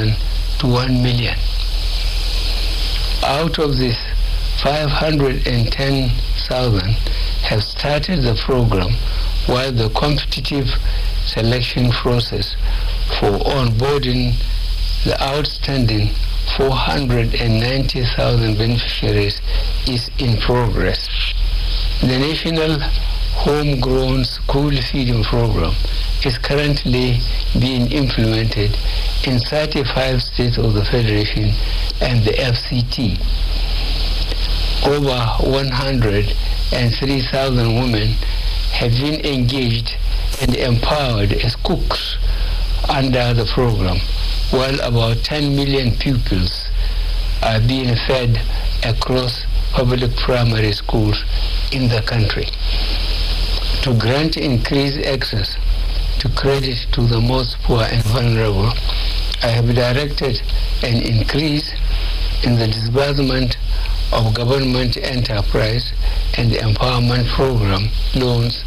to one million. Out of this, 510,000 have started the program while the competitive selection process for onboarding the outstanding 490,000 beneficiaries is in progress. The National Homegrown School Feeding Program is currently being implemented in 35 states of the Federation and the FCT. Over 103,000 women have been engaged and empowered as cooks under the program, while about 10 million pupils are being fed across public primary schools in the country. To grant increased access to credit to the most poor and vulnerable. I have directed an increase in the disbursement of government enterprise and empowerment program loans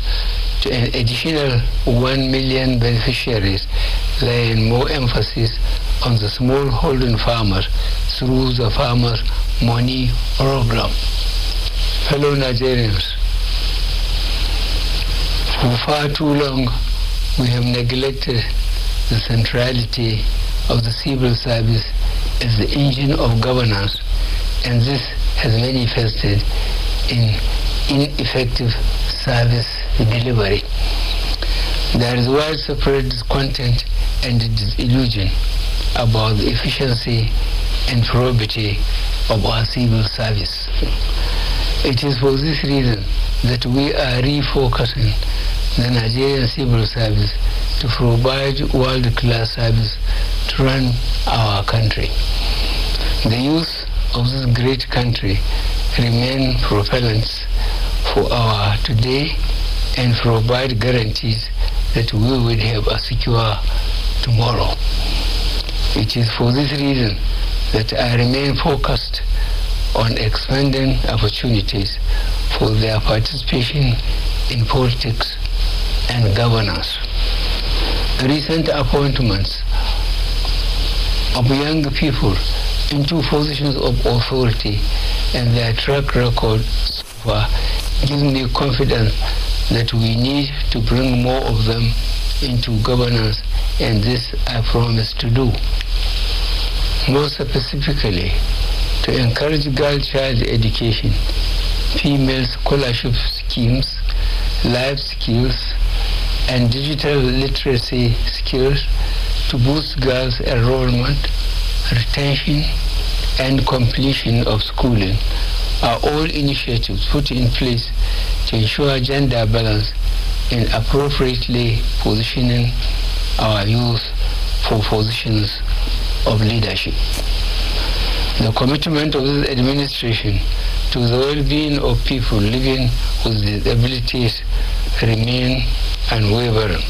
to an additional 1 million beneficiaries, laying more emphasis on the holding farmer through the Farmer Money Program. Fellow Nigerians, for far too long, we have neglected the centrality of the civil service as the engine of governance, and this has manifested in ineffective service delivery. There is widespread discontent and disillusion about the efficiency and probity of our civil service. It is for this reason that we are refocusing the Nigerian civil service to provide world-class service to run our country. The youth of this great country remain propellants for our today and provide guarantees that we will have a secure tomorrow. It is for this reason that I remain focused on expanding opportunities for their participation in politics and governance. Recent appointments of young people into positions of authority and their track record so far gives me confidence that we need to bring more of them into governance and this I promise to do. More specifically, to encourage girl child education, female scholarship schemes, life skills, and digital literacy skills to boost girls' enrollment, retention, and completion of schooling are all initiatives put in place to ensure gender balance in appropriately positioning our youth for positions of leadership the commitment of this administration to the well-being of people living with disabilities remain unwavering.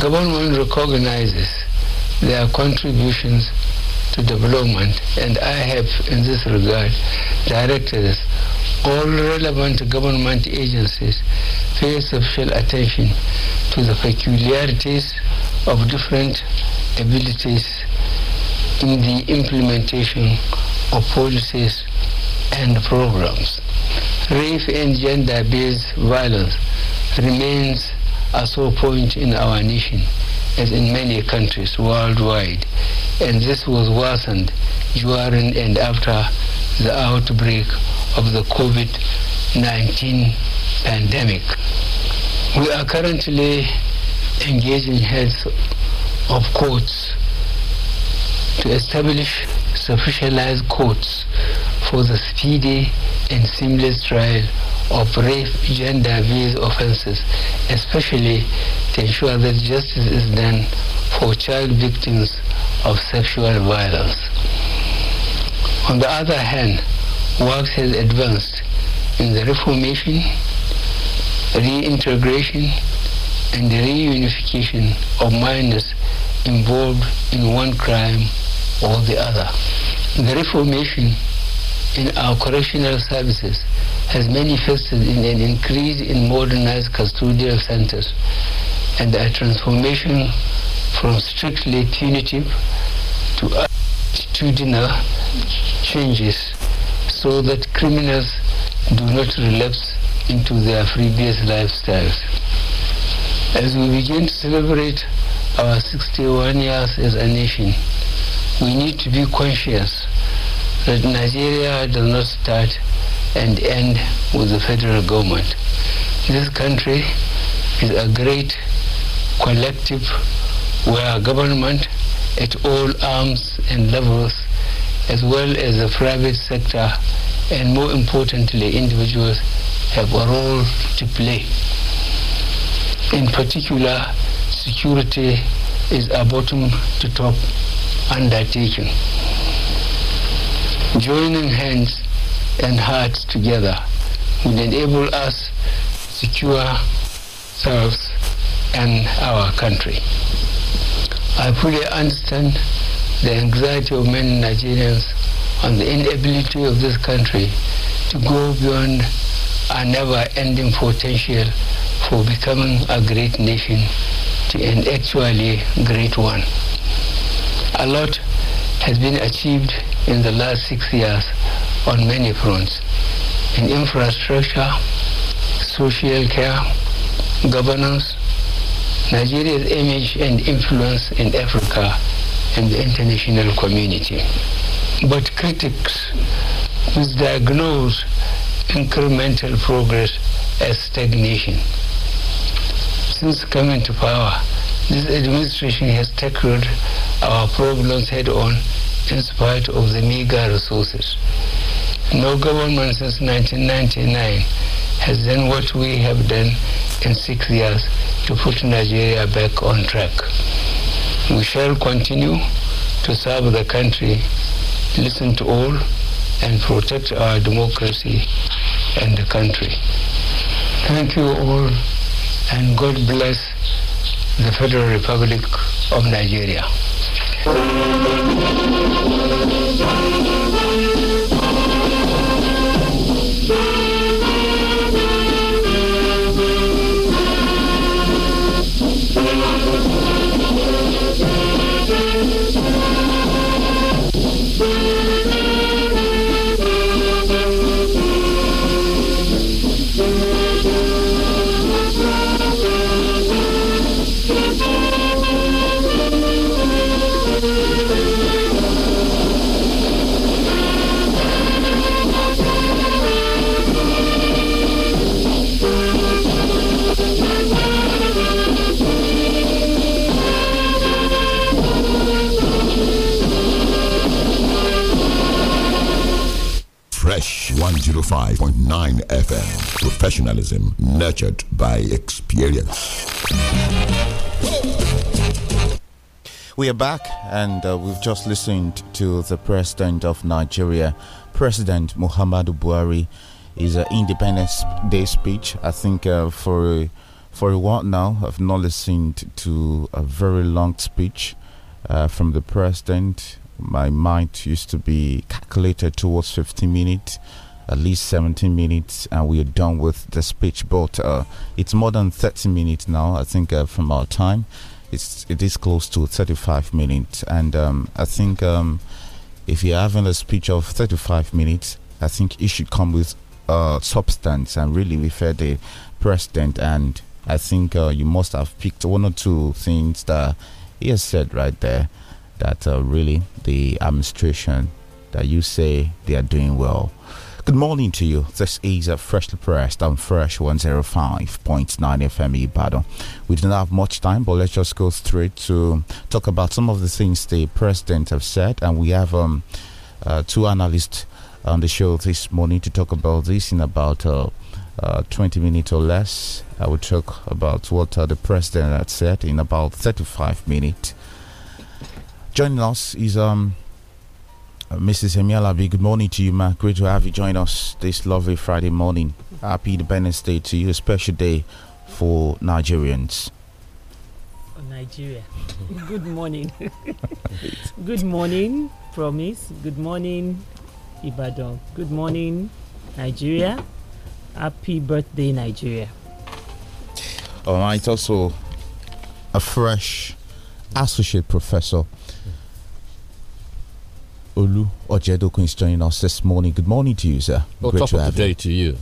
Government recognizes their contributions to development and I have in this regard directed all relevant government agencies pay special attention to the peculiarities of different abilities in the implementation of policies and programs. Rape and gender-based violence remains a sore point in our nation, as in many countries worldwide, and this was worsened during and after the outbreak of the COVID-19 pandemic. We are currently engaging heads of courts to establish specialized courts for the speedy and seamless trial of rape gender-based offenses, especially to ensure that justice is done for child victims of sexual violence. On the other hand, work has advanced in the reformation, reintegration, and the reunification of minors involved in one crime or the other. The reformation in our correctional services has manifested in an increase in modernized custodial centers and a transformation from strictly punitive to attitudinal changes so that criminals do not relapse into their previous lifestyles. As we begin to celebrate our 61 years as a nation, we need to be conscious that Nigeria does not start and end with the federal government. This country is a great collective where government at all arms and levels, as well as the private sector, and more importantly, individuals have a role to play. In particular, security is a bottom to top Undertaking, Joining hands and hearts together would enable us to secure ourselves and our country. I fully understand the anxiety of many Nigerians on the inability of this country to go beyond our never-ending potential for becoming a great nation to an actually great one a lot has been achieved in the last six years on many fronts in infrastructure, social care, governance, Nigeria's image and influence in Africa and the international community. But critics misdiagnose incremental progress as stagnation. Since coming to power, this administration has tackled our problems head on in spite of the meager resources. No government since 1999 has done what we have done in six years to put Nigeria back on track. We shall continue to serve the country, listen to all, and protect our democracy and the country. Thank you all, and God bless the Federal Republic of Nigeria. Thank you. 105.9 FM. Professionalism nurtured by experience. We are back, and uh, we've just listened to the President of Nigeria, President Muhammadu Buhari, his uh, Independence Day speech. I think uh, for for a while now, I've not listened to a very long speech uh, from the president. My mind used to be calculated towards 50 minutes at least 17 minutes and we are done with the speech. But uh, it's more than 30 minutes now, I think, uh, from our time. It's, it is close to 35 minutes. And um, I think um, if you're having a speech of 35 minutes, I think it should come with uh, substance and really refer the president. And I think uh, you must have picked one or two things that he has said right there that uh, really the administration that you say they are doing well. Good morning to you. This is a freshly pressed on Fresh 105.9 FM battle. We don't have much time, but let's just go straight to talk about some of the things the president have said, and we have um, uh, two analysts on the show this morning to talk about this in about uh, uh, 20 minutes or less. I will talk about what uh, the president had said in about 35 minutes. Joining us is um, Mrs. Emialabi, good morning to you, ma. Great to have you join us this lovely Friday morning. Happy Independence Day to you, a special day for Nigerians. Nigeria. good morning. good morning, Promise. Good morning, Ibadan. Good morning, Nigeria. Happy birthday, Nigeria. All right, also a fresh associate professor Olu Ojedokun is joining us this morning. Good morning to you, sir. Well, Great top to of the day you. to you.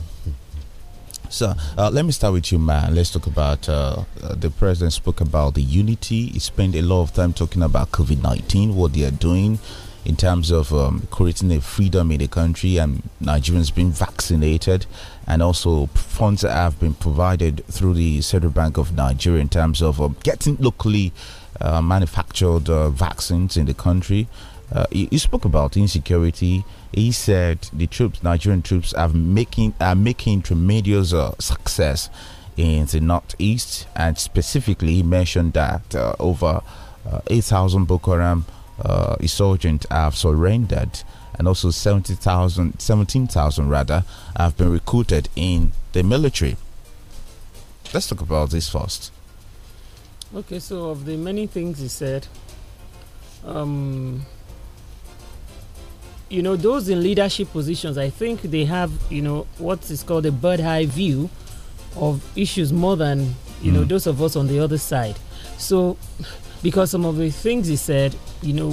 So uh, let me start with you, man. Let's talk about uh, uh, the president spoke about the unity. He spent a lot of time talking about COVID nineteen, what they are doing in terms of um, creating a freedom in the country and Nigerians being vaccinated, and also funds that have been provided through the Central Bank of Nigeria in terms of um, getting locally uh, manufactured uh, vaccines in the country uh, he, he, spoke about insecurity. He said the troops, Nigerian troops, are making are making tremendous uh, success in the northeast, and specifically he mentioned that uh, over uh, 8,000 Boko Haram uh, insurgents have surrendered, and also 17,000 rather, have been recruited in the military. Let's talk about this first. Okay, so of the many things he said, um, you know, those in leadership positions, I think they have, you know, what is called a bird eye view of issues more than, you mm. know, those of us on the other side. So, because some of the things he said, you know,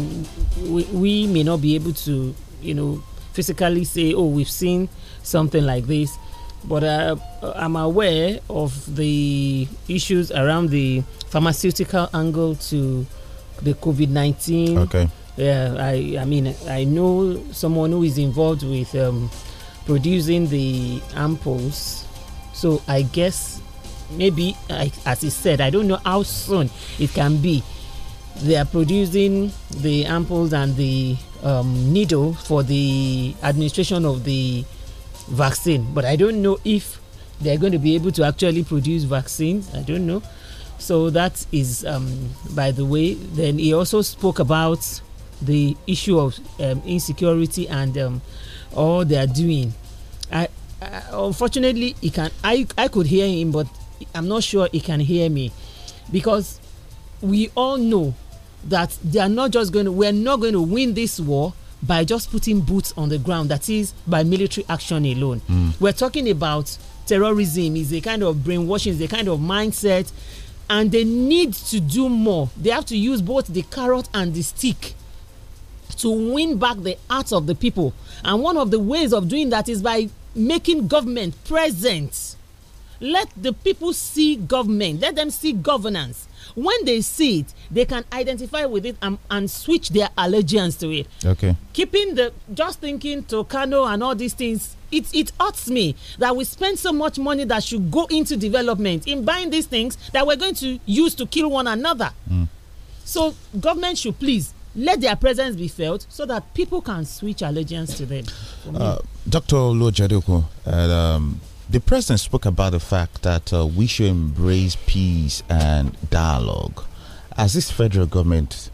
we, we may not be able to, you know, physically say, oh, we've seen something like this, but uh, I'm aware of the issues around the pharmaceutical angle to the COVID 19. Okay yeah, I, I mean, I know someone who is involved with um, producing the ampoules. So I guess maybe, I, as he said, I don't know how soon it can be. They are producing the ampoules and the um, needle for the administration of the vaccine. But I don't know if they're going to be able to actually produce vaccines. I don't know. So that is, um, by the way. Then he also spoke about the issue of um, insecurity and um, all they are doing. I, I, unfortunately he can I I could hear him, but I'm not sure he can hear me because we all know that they are not just going to we're not going to win this war by just putting boots on the ground that is by military action alone mm. we're talking about terrorism is a kind of brainwashing is a kind of mindset and they need to do more they have to use both the carrot and the stick to win back the hearts of the people. And one of the ways of doing that is by making government present. Let the people see government, let them see governance. When they see it, they can identify with it and, and switch their allegiance to it. Okay. Keeping the just thinking to Kano and all these things, it it hurts me that we spend so much money that should go into development in buying these things that we're going to use to kill one another. Mm. So government should please let their presence be felt so that people can switch allegiance to them. Uh, Dr. Lojaduko, uh, um, the president spoke about the fact that uh, we should embrace peace and dialogue. As this federal government,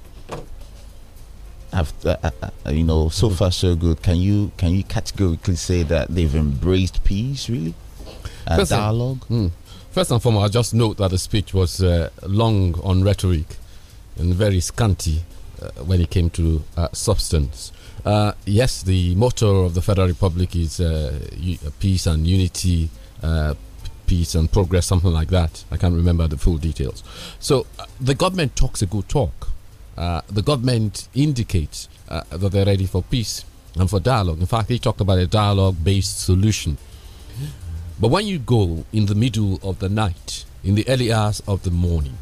have, uh, uh, uh you know, so far so good, can you can you categorically say that they've embraced peace really and first dialogue? And, mm, first and foremost, I just note that the speech was uh, long on rhetoric and very scanty uh, when it came to uh, substance. Uh, yes, the motto of the Federal Republic is peace and unity, peace and progress, something like that. I can't remember the full details. So the government talks a good talk. the government indicates that they're ready for peace and for dialogue. In fact, he talked about a dialogue based solution. But when you go in the middle of the night, in the early hours of the morning,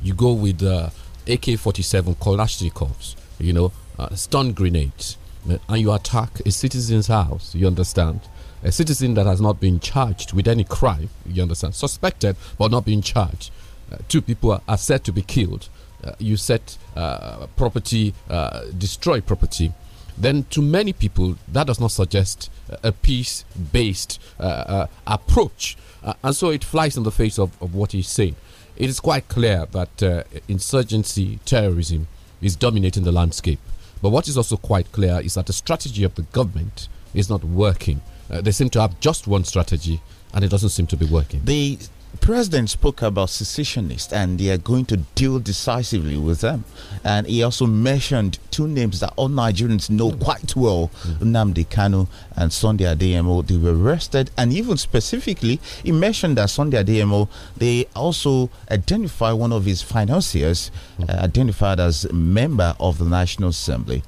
you go with uh, AK 47 Kalashnikovs, you know, uh, stun grenades, uh, and you attack a citizen's house, you understand? A citizen that has not been charged with any crime, you understand? Suspected, but not being charged. Uh, two people are, are, said to be killed. Uh, you set uh, property, uh, destroy property then to many people that does not suggest a peace based uh, uh, approach. Uh, and so it flies in the face of, of what he's saying it is quite clear that uh, insurgency terrorism is dominating the landscape. But what is also quite clear is that the strategy of the government is not working. Uh, they seem to have just one strategy and it doesn't seem to be working. The president spoke about secessionists and they are going to deal decisively with them. And he also mentioned two names that all Nigerians know quite well mm-hmm. Namdi Kanu and Sunday Ademo. They were arrested. And even specifically, he mentioned that Sunday Ademo, they also identified one of his financiers, mm-hmm. uh, identified as a member of the National Assembly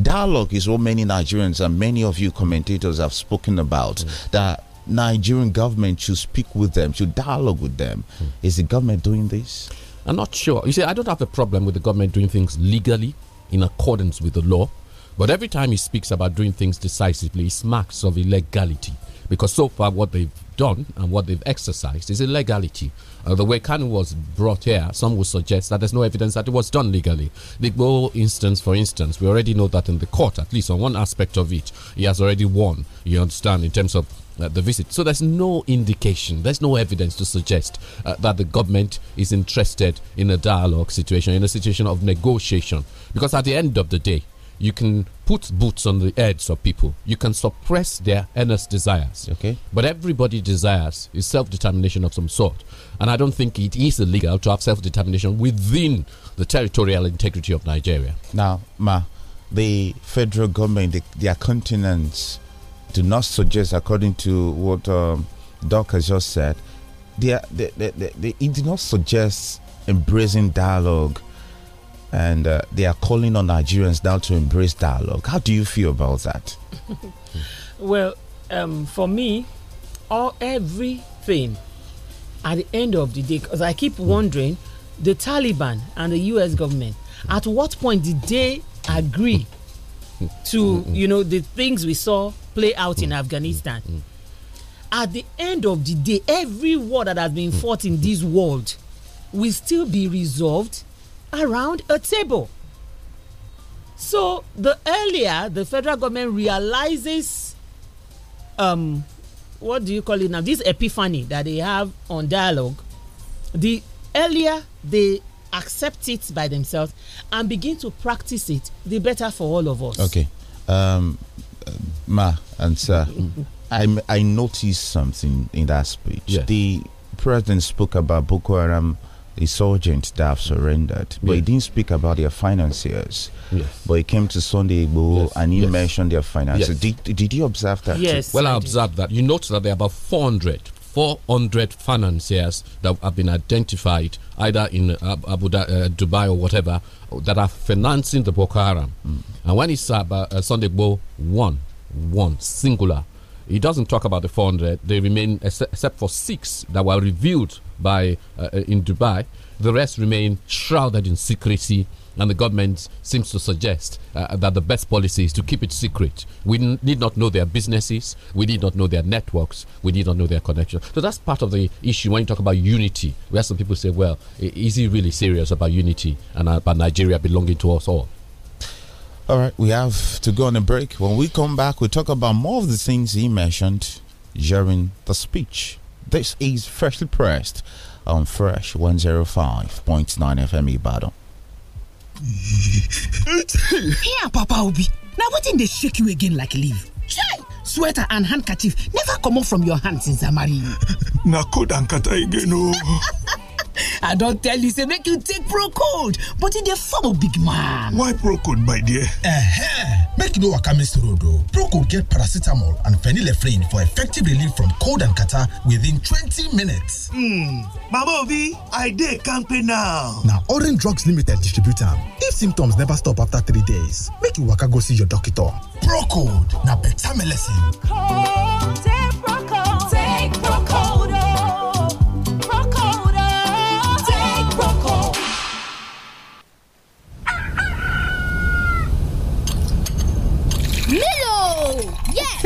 dialogue is what many Nigerians and many of you commentators have spoken about. Mm. That Nigerian government should speak with them, should dialogue with them. Mm. Is the government doing this? I'm not sure. You see, I don't have a problem with the government doing things legally in accordance with the law. But every time he speaks about doing things decisively, it smacks of illegality. Because so far, what they've done and what they've exercised is illegality. Uh, the way Kanu was brought here, some would suggest that there's no evidence that it was done legally. The Bo instance, for instance, we already know that in the court, at least on one aspect of it, he has already won, you understand, in terms of uh, the visit. So there's no indication, there's no evidence to suggest uh, that the government is interested in a dialogue situation, in a situation of negotiation. Because at the end of the day, you can put boots on the heads of people. You can suppress their earnest desires. Okay. But everybody desires is self determination of some sort. And I don't think it is illegal to have self determination within the territorial integrity of Nigeria. Now, Ma, the federal government, the, their continents, do not suggest, according to what um, Doc has just said, they, are, they, they, they, it did not suggest embracing dialogue. And uh, they are calling on Nigerians now to embrace dialogue. How do you feel about that? well, um, for me, all everything at the end of the day, because I keep wondering, the Taliban and the U.S. government, at what point did they agree to mm-hmm. you know the things we saw play out in mm-hmm. Afghanistan. Mm-hmm. At the end of the day, every war that has been fought in this world will still be resolved around a table. So the earlier the federal government realizes, um, what do you call it now? This epiphany that they have on dialogue, the earlier they accept it by themselves and begin to practice it, the better for all of us. Okay. Um, uh, Ma and sir, I, I noticed something in that speech. Yeah. The president spoke about Boko Haram insurgents that have surrendered, but he didn't speak about their financiers. Yes. But he came to Sunday Igbo yes. and he mentioned their finances. Did, did you observe that? Yes. Too? Well, I, I observed that. You noticed that there are about 400 400 financiers that have been identified either in Abu Dhabi uh, Dubai or whatever that are financing the Boko Haram. Mm. And when it's about uh, Sunday Bo, one, one, singular. He doesn't talk about the 400. They remain, except for six that were revealed by uh, uh, in Dubai. The rest remain shrouded in secrecy and the government seems to suggest uh, that the best policy is to keep it secret. We need not know their businesses, we need not know their networks, we need not know their connections. So that's part of the issue when you talk about unity, We have some people say, well, is he really serious about unity and about Nigeria belonging to us all? All right, we have to go on a break. When we come back, we'll talk about more of the things he mentioned during the speech. This is Freshly Pressed on Fresh 105.9 FM Ibadan. Here, Papa Obi. Now, what in they shake you again like leaf? Chai! Sweater and handkerchief never come off from your hands since I Na code and kata again, oh. i don't tell you say make you take Procode, but in the form of big man why Procode, my dear. eh make you no waka miss road o get paracetamol and phenylephrine for effective relief from cold and catarrh within 20 minutes hmm mama obi i dey campaign now Now orange drugs limited distributor. if symptoms never stop after three days make you waka go see your doctor procold na beta melecine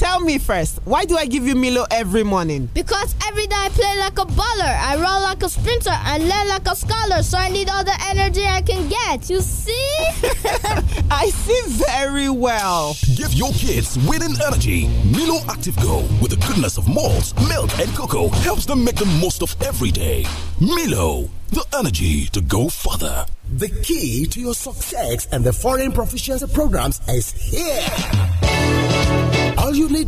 tell me first, why do I give you Milo every morning? Because every day I play like a baller, I run like a sprinter, and learn like a scholar, so I need all the energy I can get. You see? I see very well. Give your kids winning energy. Milo Active Go, with the goodness of malt, milk, and cocoa, helps them make the most of every day. Milo, the energy to go further. The key to your success and the foreign proficiency programs is here absolutely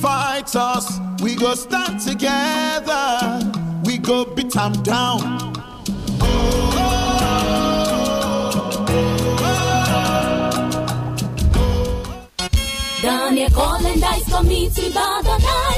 fight us, we go stand together, we go beat them down. Daniel oh, oh, Daniel me Dice Committee Badanai.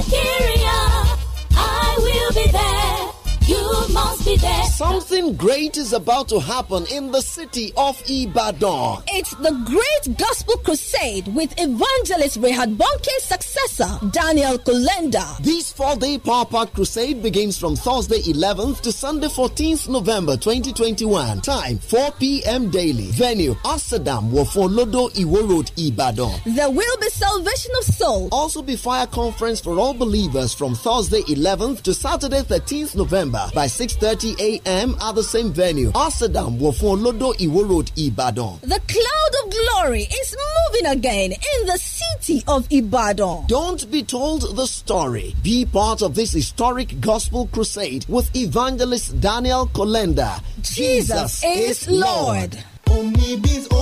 Something great is about to happen in the city of Ibadan. It's the Great Gospel Crusade with evangelist Rehad Bonke's successor, Daniel Kolenda. This four-day Power Crusade begins from Thursday 11th to Sunday 14th November 2021. Time 4 p.m. daily. Venue Asadam Wofolodo Iwo Road, Ibadan. There will be salvation of soul. Also be fire conference for all believers from Thursday 11th to Saturday 13th November by 6:30 a.m a.m. at the same venue. Amsterdam Wofun Lodo Iwo Road, Ibadan. The cloud of glory is moving again in the city of Ibadan. Don't be told the story. Be part of this historic gospel crusade with evangelist Daniel Kolenda. Jesus, Jesus is, is Lord. Lord.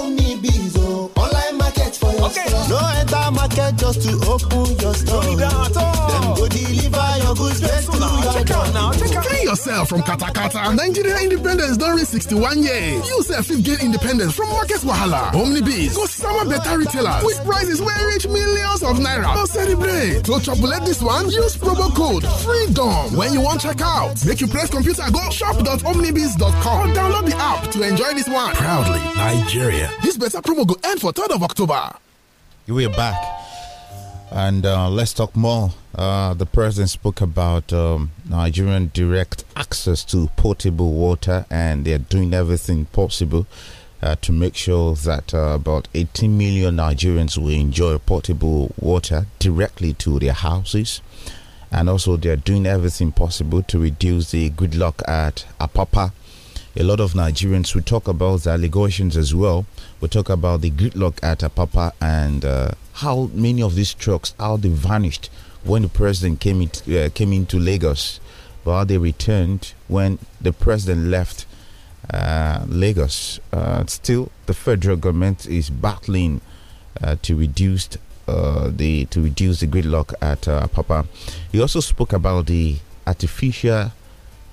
Okay. No enter market just to open your store. Then go deliver your goods to your door. Free yourself from katakata. Nigeria independence during 61 years. You sef fit gain independence from market wahala. Omnibees go sama better retailers with prices where reach millions of naira. No celebrate. To chopulate this one, use promo code FREEDOM when you want check out. Make you press computer go shop.omnibees.com or download the app to enjoy this one. Proudly Nigeria. This better promo go end for 3rd of October. We're back. And uh, let's talk more. Uh, the president spoke about um, Nigerian direct access to potable water, and they're doing everything possible uh, to make sure that uh, about 18 million Nigerians will enjoy potable water directly to their houses. And also, they're doing everything possible to reduce the gridlock at Apapa a lot of Nigerians. We talk about the allegations as well. We talk about the gridlock at Apapa and uh, how many of these trucks, how they vanished when the president came, it, uh, came into Lagos, but how they returned when the president left uh, Lagos. Uh, still, the federal government is battling uh, to reduce uh, the to reduce the gridlock at uh, Papa. He also spoke about the artificial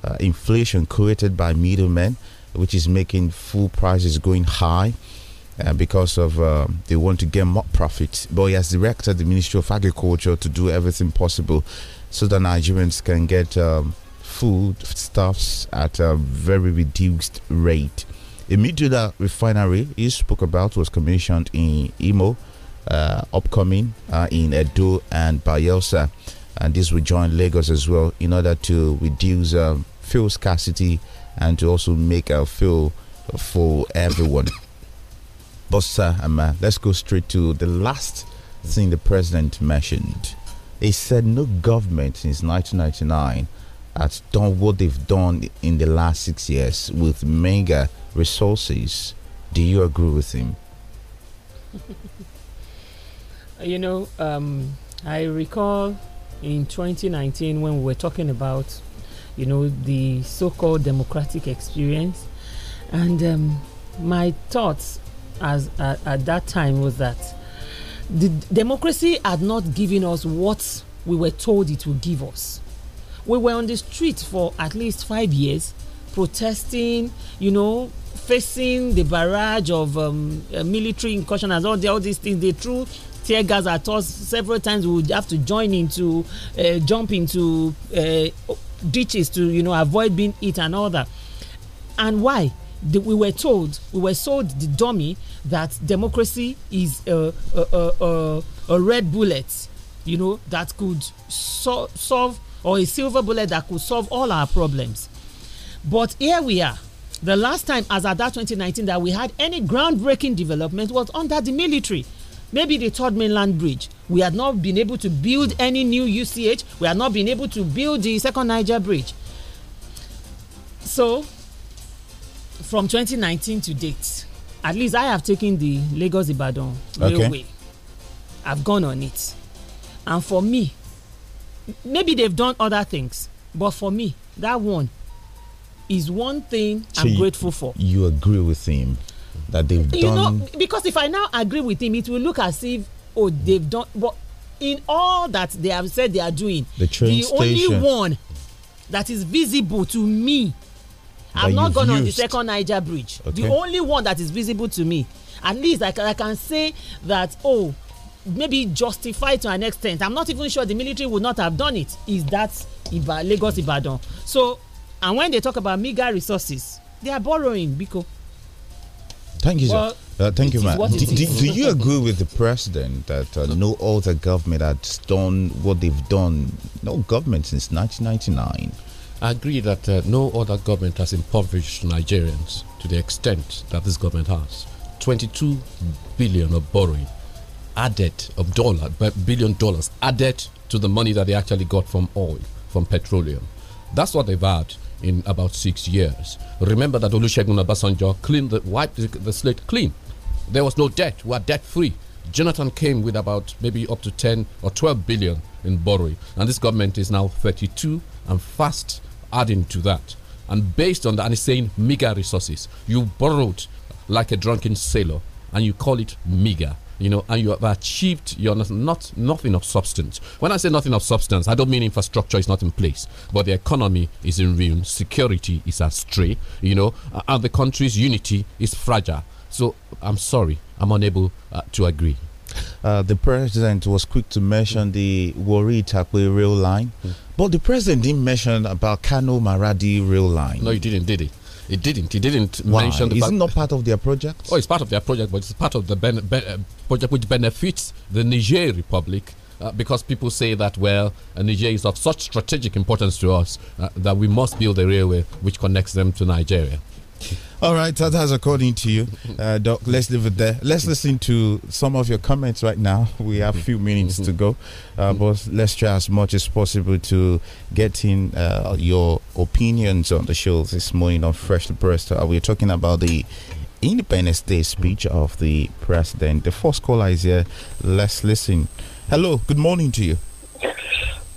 uh, inflation created by middlemen, which is making food prices going high. Uh, because of uh, they want to get more profit. But he has directed the Ministry of Agriculture to do everything possible so that Nigerians can get um, food stuffs at a very reduced rate. A Midula refinery he spoke about was commissioned in Imo, uh, upcoming uh, in Edo and Bayelsa, and this will join Lagos as well in order to reduce um, fuel scarcity and to also make a fuel for everyone. but, sir, um, uh, let's go straight to the last thing the president mentioned. He said no government since 1999 has done what they've done in the last six years with mega resources. Do you agree with him? you know, um, I recall in 2019 when we were talking about you know, the so called democratic experience. And um, my thoughts as, uh, at that time was that the democracy had not given us what we were told it would give us. We were on the street for at least five years protesting, you know, facing the barrage of um, uh, military incursion as all, the, all these things they threw tear gas at us several times we would have to join into uh, jump into uh, ditches to you know avoid being hit and all that and why the, we were told we were sold the dummy that democracy is a, a, a, a red bullet you know that could so solve or a silver bullet that could solve all our problems but here we are the last time as at that 2019 that we had any groundbreaking development was under the military maybe the third mainland bridge we had not been able to build any new UCH. We had not been able to build the second Niger bridge. So, from 2019 to date, at least I have taken the Lagos Ibadan okay. railway. I've gone on it. And for me, maybe they've done other things, but for me, that one is one thing so I'm you, grateful for. You agree with him that they've you done. know, because if I now agree with him, it will look as if oh they've done but in all that they have said they are doing the, the only one that is visible to me that i'm not gone used. on the second niger bridge okay. the only one that is visible to me at least I, I can say that oh maybe justify to an extent i'm not even sure the military would not have done it is that Iba, lagos ibadan so and when they talk about mega resources they are borrowing because thank you well, sir uh, thank it you, Matt. Do, do, do, you agree with the president that uh, no other government has done what they've done? No government since 1999. I agree that uh, no other government has impoverished Nigerians to the extent that this government has. 22 billion of borrowing added of dollar billion dollars added to the money that they actually got from oil from petroleum. That's what they've had in about six years. Remember that Olusegun Obasanjo cleaned the, wiped the, the slate clean. There was no debt. We are debt free. Jonathan came with about maybe up to 10 or 12 billion in borrowing. And this government is now 32 and fast adding to that. And based on that, and it's saying meager resources. You borrowed like a drunken sailor and you call it meager you know, and you have achieved you're not, not nothing of substance. When I say nothing of substance, I don't mean infrastructure is not in place, but the economy is in ruin, security is astray, you know, and the country's unity is fragile. So I'm sorry, I'm unable uh, to agree. Uh, the president was quick to mention the Wari Takwe rail line, mm. but the president didn't mention about Kano Maradi rail line. No, he didn't, did he? It didn't. It didn't Why? mention the. Is it not part of their project? Oh, it's part of their project, but it's part of the uh, project which benefits the Niger Republic. Uh, because people say that well, uh, Niger is of such strategic importance to us uh, that we must build a railway which connects them to Nigeria. All right, that has according to you, uh, Doc. Let's leave it there. Let's listen to some of your comments right now. We have a few minutes to go, uh, but let's try as much as possible to get in uh, your opinions on the show this morning on Fresh the Breast. Uh, we're talking about the Independence Day speech of the president. The first caller is here. Let's listen. Hello, good morning to you.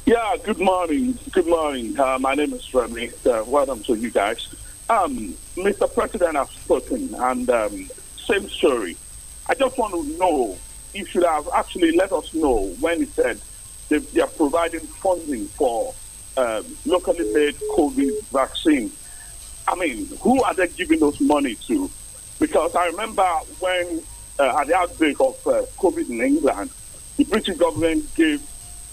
Yeah, good morning. Good morning. Uh, my name is Remy. Uh, welcome to you guys. Um, Mr. President, I've spoken, and um, same story. I just want to know if you have actually let us know when he said they, they are providing funding for um, locally made COVID vaccine. I mean, who are they giving those money to? Because I remember when uh, at the outbreak of uh, COVID in England, the British government gave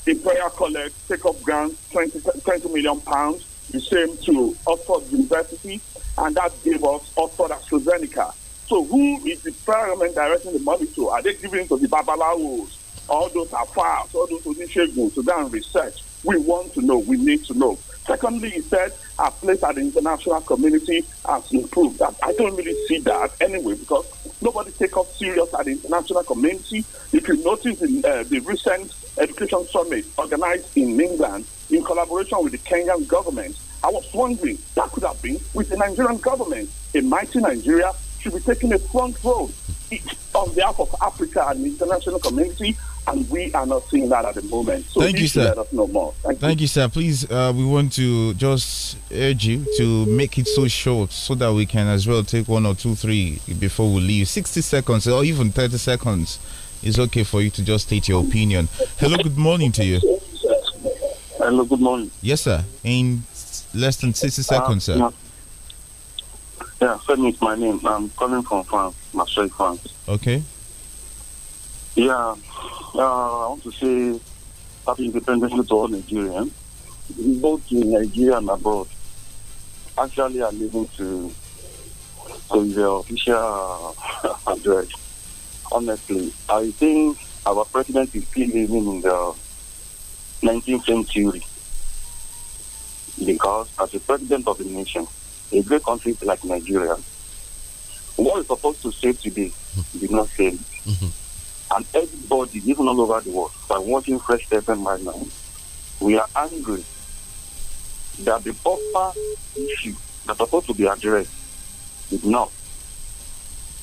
Imperial College take-up grants, 20, 20 million pounds the same to Oxford University, and that gave us Oxford AstraZeneca. So who is the parliament directing the money to? Are they giving to the babalawos, all those afars, all those who to go and research? We want to know. We need to know. Secondly, he said our place at the international community has improved. I, don't really see that anyway because nobody take us serious at the international community. If you notice in uh, the recent education summit organized in England in collaboration with the Kenyan government, I was wondering that could have been with the Nigerian government. A mighty Nigeria should be taking a front role on behalf of Africa and the international community, and we are not seeing that at the moment. So Thank you, sir. Thank, Thank you. you. sir. Please, uh, we want to just urge you to make it so short so that we can as well take one or two, three before we leave. 60 seconds or even 30 seconds is okay for you to just state your opinion. Hello, good morning to you. Hello, good morning. Yes, sir. In less than 60 seconds, uh, sir. Yeah, Femi is my name. I'm calling from France, Marseille, France. Okay. Yeah, uh, I want to say happy independence to all Nigerians, both in Nigeria and abroad. Actually, I'm living to to the official uh, address. Honestly, I think our president is still living in the 19th century because as the president of the nation, a great country like Nigeria, what is supposed to save today did not save. Mm -hmm. And everybody, even all over the world, by watching Fresh FM right now, we are angry that the proper issue that's supposed to be addressed is not.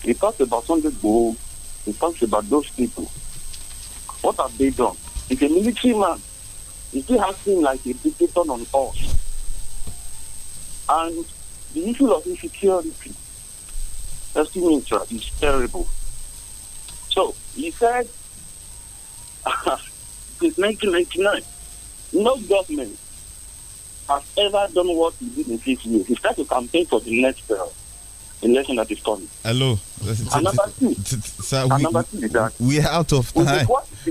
He talks about Sunday Go, he talks about those people. What have they done? If a military man. he still acting like a dictator on us. And the issue of insecurity, expenditure is terrible. So he said, since 1999, no government has ever done what he did in six years. He started to campaign for the next term election that is coming. Hello. we, are out of time.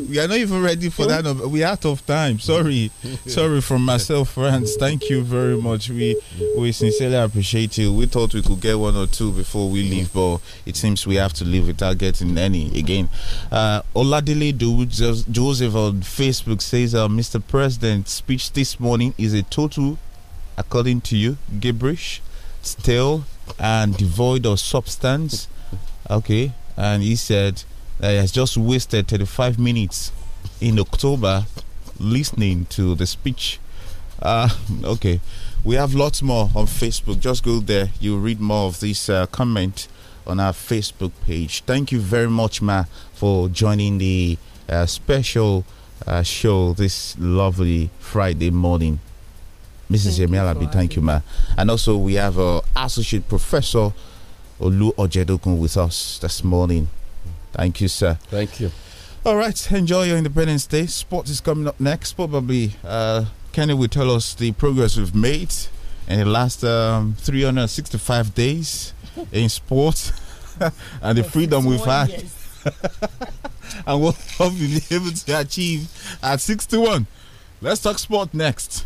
We are not even ready for that. We are out of time. Sorry, sorry from myself, friends. Thank you very much. We we sincerely appreciate you. We thought we could get one or two before we leave, but it seems we have to leave without getting any again. Uh, Oladile Joseph on Facebook says, uh, "Mr. President's speech this morning is a total, according to you, gibberish, Still and devoid of substance. Okay, and he said that he has just wasted 35 minutes in October listening to the speech. Uh, okay, we have lots more on Facebook. Just go there, you'll read more of this uh, comment on our Facebook page. Thank you very much, Ma, for joining the uh, special uh, show this lovely Friday morning. Mrs. Yemi thank you, ma. And also, we have uh, Associate Professor Olu Ojedokun with us this morning. Thank you, sir. Thank you. All right, enjoy your Independence Day. Sports is coming up next. Probably uh, Kenny will tell us the progress we've made in the last um, 365 days in sports and the freedom we've had. and what we have been able to achieve at 61. Let's talk sport next.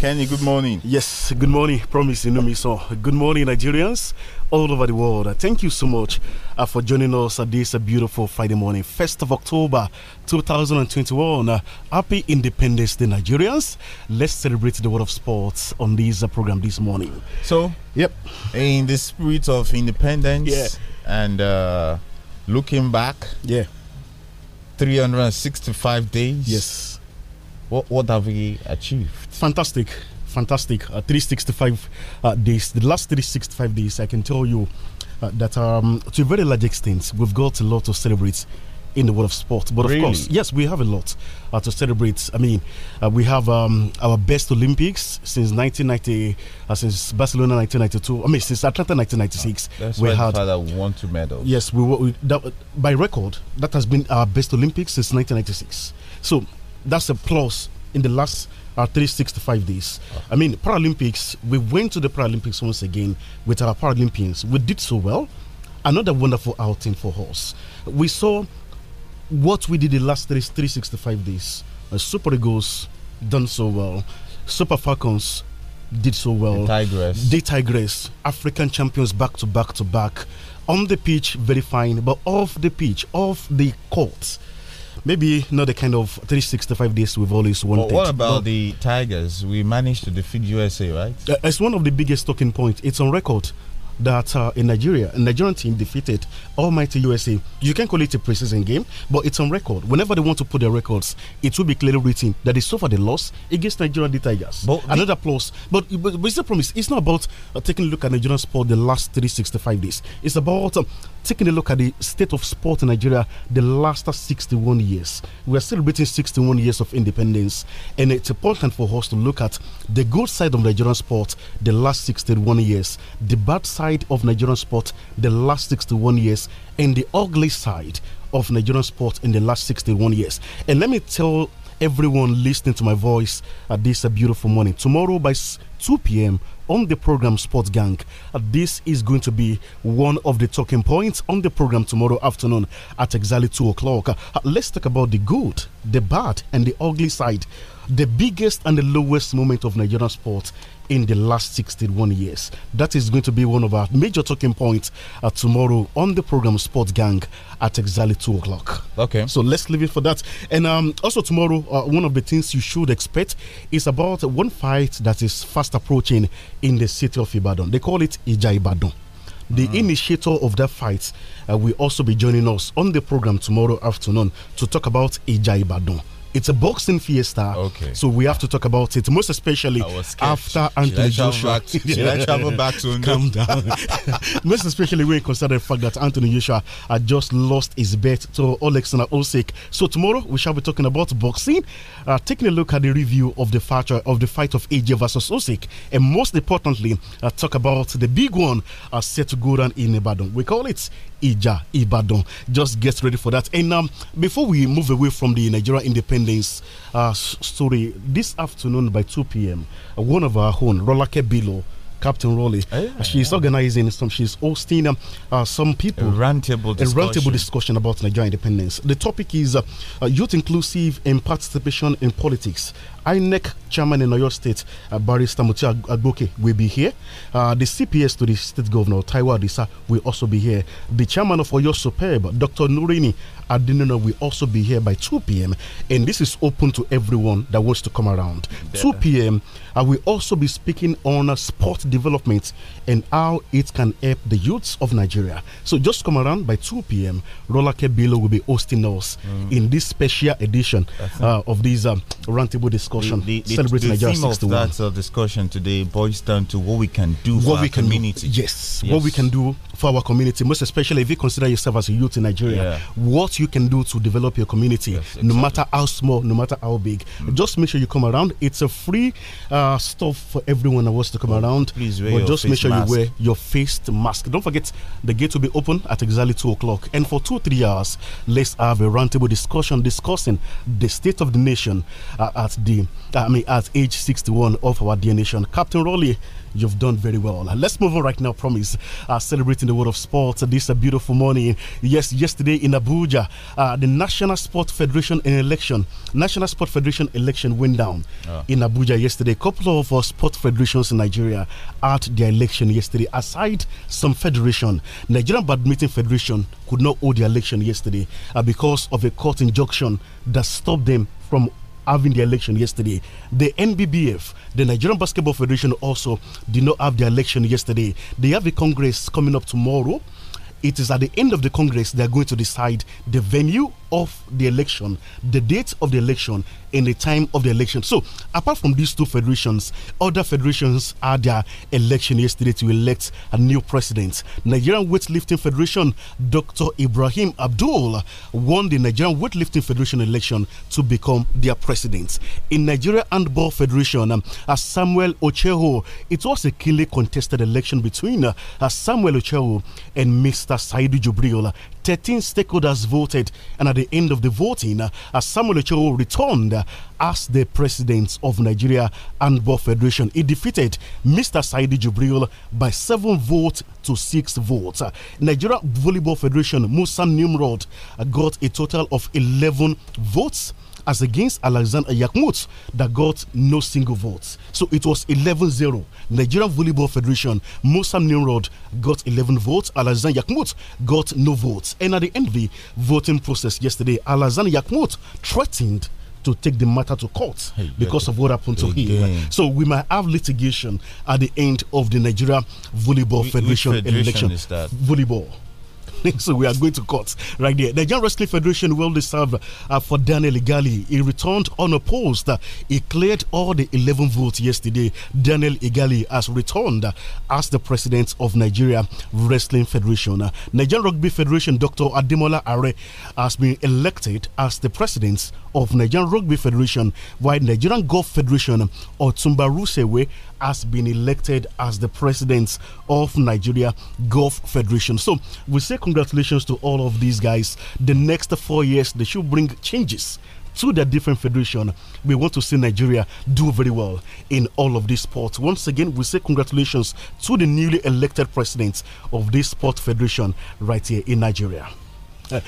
Kenny, good morning. Yes, good morning. Promise you know me so. Good morning, Nigerians all over the world. Thank you so much uh, for joining us at this uh, beautiful Friday morning, 1st of October 2021. Uh, happy Independence Day, Nigerians. Let's celebrate the world of sports on this uh, program this morning. So, yep. In the spirit of independence yeah. and uh, looking back, yeah. 365 days. Yes what, what have we achieved? Fantastic. Fantastic. Uh, 365 uh, days. The last 365 days, I can tell you uh, that um, to a very large extent, we've got a lot to celebrate in the world of sport. But really? of course, yes, we have a lot uh, to celebrate. I mean, uh, we have um, our best Olympics since 1990, uh, since Barcelona 1992. I mean, since Atlanta 1996. Ah, that's we had father won two medals. Yes, we, were, we that, by record that has been our best Olympics since 1996. So that's a plus in the last uh, 365 days. I mean, Paralympics, we went to the Paralympics once again with our Paralympians. We did so well. Another wonderful outing for us. We saw what we did the last 365 days. Uh, Super Eagles done so well. Super Falcons did so well. tigress. day tigress. African champions back to back to back. On the pitch, very fine, but off the pitch, off the court maybe not the kind of 365 days we've always wanted. But what about but the Tigers? We managed to defeat USA, right? Uh, it's one of the biggest talking points. It's on record that uh, in Nigeria, a Nigerian team defeated Almighty USA. You can call it a preseason game, but it's on record. Whenever they want to put their records, it will be clearly written that they suffered a loss against Nigerian the Tigers. But Another plus. But, but, but it's a promise. It's not about uh, taking a look at Nigerian sport the last 365 days. It's about um, taking a look at the state of sport in Nigeria the last 61 years. We are celebrating 61 years of independence, and it's important for us to look at the good side of Nigerian sport the last 61 years, the bad side of Nigerian sport the last 61 years, and the ugly side of Nigerian sport in the last 61 years. And let me tell everyone listening to my voice at this beautiful morning. Tomorrow by 2 p.m., on the program Sports Gang. this is going to be one of the talking points on the program tomorrow afternoon at exactly 2 o'clock. Uh, let's talk about the good, the bad, and the ugly side the biggest and the lowest moment of Nigerian sport in the last 61 years. That is going to be one of our major talking points uh, tomorrow on the program Sports Gang at exactly 2 o'clock. Okay. So let's leave it for that. And um, also tomorrow, uh, one of the things you should expect is about one fight that is fast approaching in the city of Ibadan. They call it Ija Ibadan. The mm. initiator of that fight uh, will also be joining us on the program tomorrow afternoon to talk about Ija Ibadan it's a boxing fiesta. Okay. So we have to talk about it, most especially after Anthony should Joshua. To, should I travel back to calm down? most especially when you consider the fact that Anthony Joshua had just lost his bet to Oleksandr Osik. So tomorrow we shall be talking about boxing, uh, taking a look at the review of the fight of the fight of AJ versus Osik, and most importantly, uh, talk about the big one uh, set to go down in Ibadan. We call it Ija Ibadan. Just get ready for that. And um, before we move away from the Nigeria Independent independence uh, story this afternoon by 2 p.m. One of our own, Rolake Bilo. Captain Rolly, ah, Yeah, uh, she's yeah. organizing some. She's hosting um, uh, some people. A roundtable discussion. A roundtable discussion about Nigerian independence. The topic is uh, uh youth inclusive and participation in politics. INEC chairman in Oyo State, uh, Barrister Mutia Ag Agboke, will be here. Uh, the CPS to the state governor, Taiwa Adisa, will also be here. The chairman of Oyo Superb, Dr. Nurini Adinona, will also be here by 2 p.m. And this is open to everyone that wants to come around. Yeah. 2 p.m., I will also be speaking on uh, sport development and how it can help the youths of Nigeria. So just come around by 2 p.m. Roller Kebilo will be hosting us mm. in this special edition uh, of this um, roundtable discussion discussion the, the, celebrating the, of that uh, discussion today boils down to what we can do what for we our can community. Do, yes, yes, what we can do for our community, most especially if you consider yourself as a youth in Nigeria, yeah. what you can do to develop your community, yes, exactly. no matter how small, no matter how big. Mm. Just make sure you come around. It's a free uh, stuff for everyone that wants to come oh, around. Please wear but just make sure mask. you wear your face mask. Don't forget, the gate will be open at exactly 2 o'clock. And for two, three hours, let's have a roundtable discussion discussing the state of the nation uh, at the I mean, at age 61 of our dear nation. Captain Raleigh, you've done very well. Let's move on right now, promise. Uh, celebrating the world of sports this a uh, beautiful morning. Yes, yesterday in Abuja, uh, the National Sports Federation election, National Sports Federation election went down uh. in Abuja yesterday. A couple of uh, sport federations in Nigeria at their election yesterday. Aside some federation, Nigerian Badminton Federation could not hold the election yesterday uh, because of a court injunction that stopped them from having the election yesterday. The NBBF, the Nigerian Basketball Federation, also did not have the election yesterday. They have a congress coming up tomorrow. It is at the end of the congress they are going to decide the venue of the election, the date of the election, and the time of the election. So, apart from these two federations, other federations had their election yesterday to elect a new president. Nigerian Weightlifting Federation, Dr. Ibrahim Abdul, won the Nigerian Weightlifting Federation election to become their president. In Nigeria Handball Federation, as uh, Samuel Ocheho, it was a keenly contested election between uh, Samuel Ocheho and Mr. Saidu Jubril. 13 stakeholders voted, and at the end of the voting, uh, Samuel Echoro returned uh, as the president of Nigeria Handball Federation. He defeated Mr. Saidi Jubril by seven votes to six votes. Uh, Nigeria Volleyball Federation Musa Nimrod uh, got a total of 11 votes as against Alexander Yakmut that got no single vote. So it was 11 0. Nigerian Volleyball Federation, Mosam Nimrod got 11 votes. Alexander Yakmut got no votes. And at the end of the voting process yesterday, Alexander Yakmut threatened to take the matter to court hey, because of what happened to again. him. So we might have litigation at the end of the Nigeria Volleyball Federation which, which federation election. Volleyball. so we are going to court right there. The Nigerian Wrestling Federation will deserve uh, for Daniel Igali. He returned unopposed. He cleared all the 11 votes yesterday. Daniel Igali has returned as the president of Nigeria Wrestling Federation. Uh, Nigerian Rugby Federation Dr. Ademola Are has been elected as the president of Nigerian Rugby Federation, while Nigerian Golf Federation, Otumba Rusewe, has been elected as the president of Nigeria Golf Federation. So we say congratulations to all of these guys. The next four years, they should bring changes to the different federation. We want to see Nigeria do very well in all of these sports. Once again, we say congratulations to the newly elected president of this sport federation right here in Nigeria. Uh,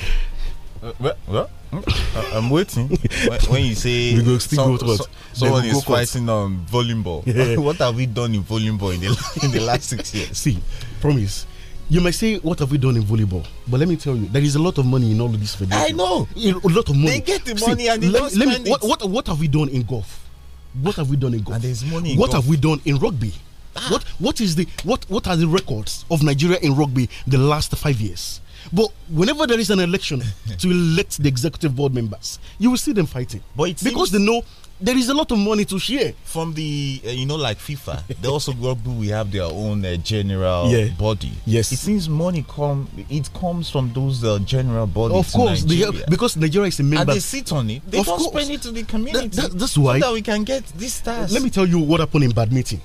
well, uh, well, hmm? I'm waiting. when you say we go some, so, someone go is fighting on um, volleyball, yeah. what have we done in volleyball in the, in the last six years? See, promise. You may say, "What have we done in volleyball?" But let me tell you, there is a lot of money in all of this. I know a lot of money. They get the money See, and they let, don't let spend me, it. What, what, what have we done in golf? What have we done in golf? And there's money. what golf. have we done in rugby? Ah. What what is the what what are the records of Nigeria in rugby the last five years? But whenever there is an election to elect the executive board members, you will see them fighting. But because they know there is a lot of money to share from the uh, you know like FIFA. they also probably we have their own uh, general yeah. body. Yes, it seems money come it comes from those uh, general bodies. Of course, Nigeria. because Nigeria is a member, and they sit on it. They of don't course. spend it to the community. That, that, that's why so that we can get these stars. Let me tell you what happened in badminton.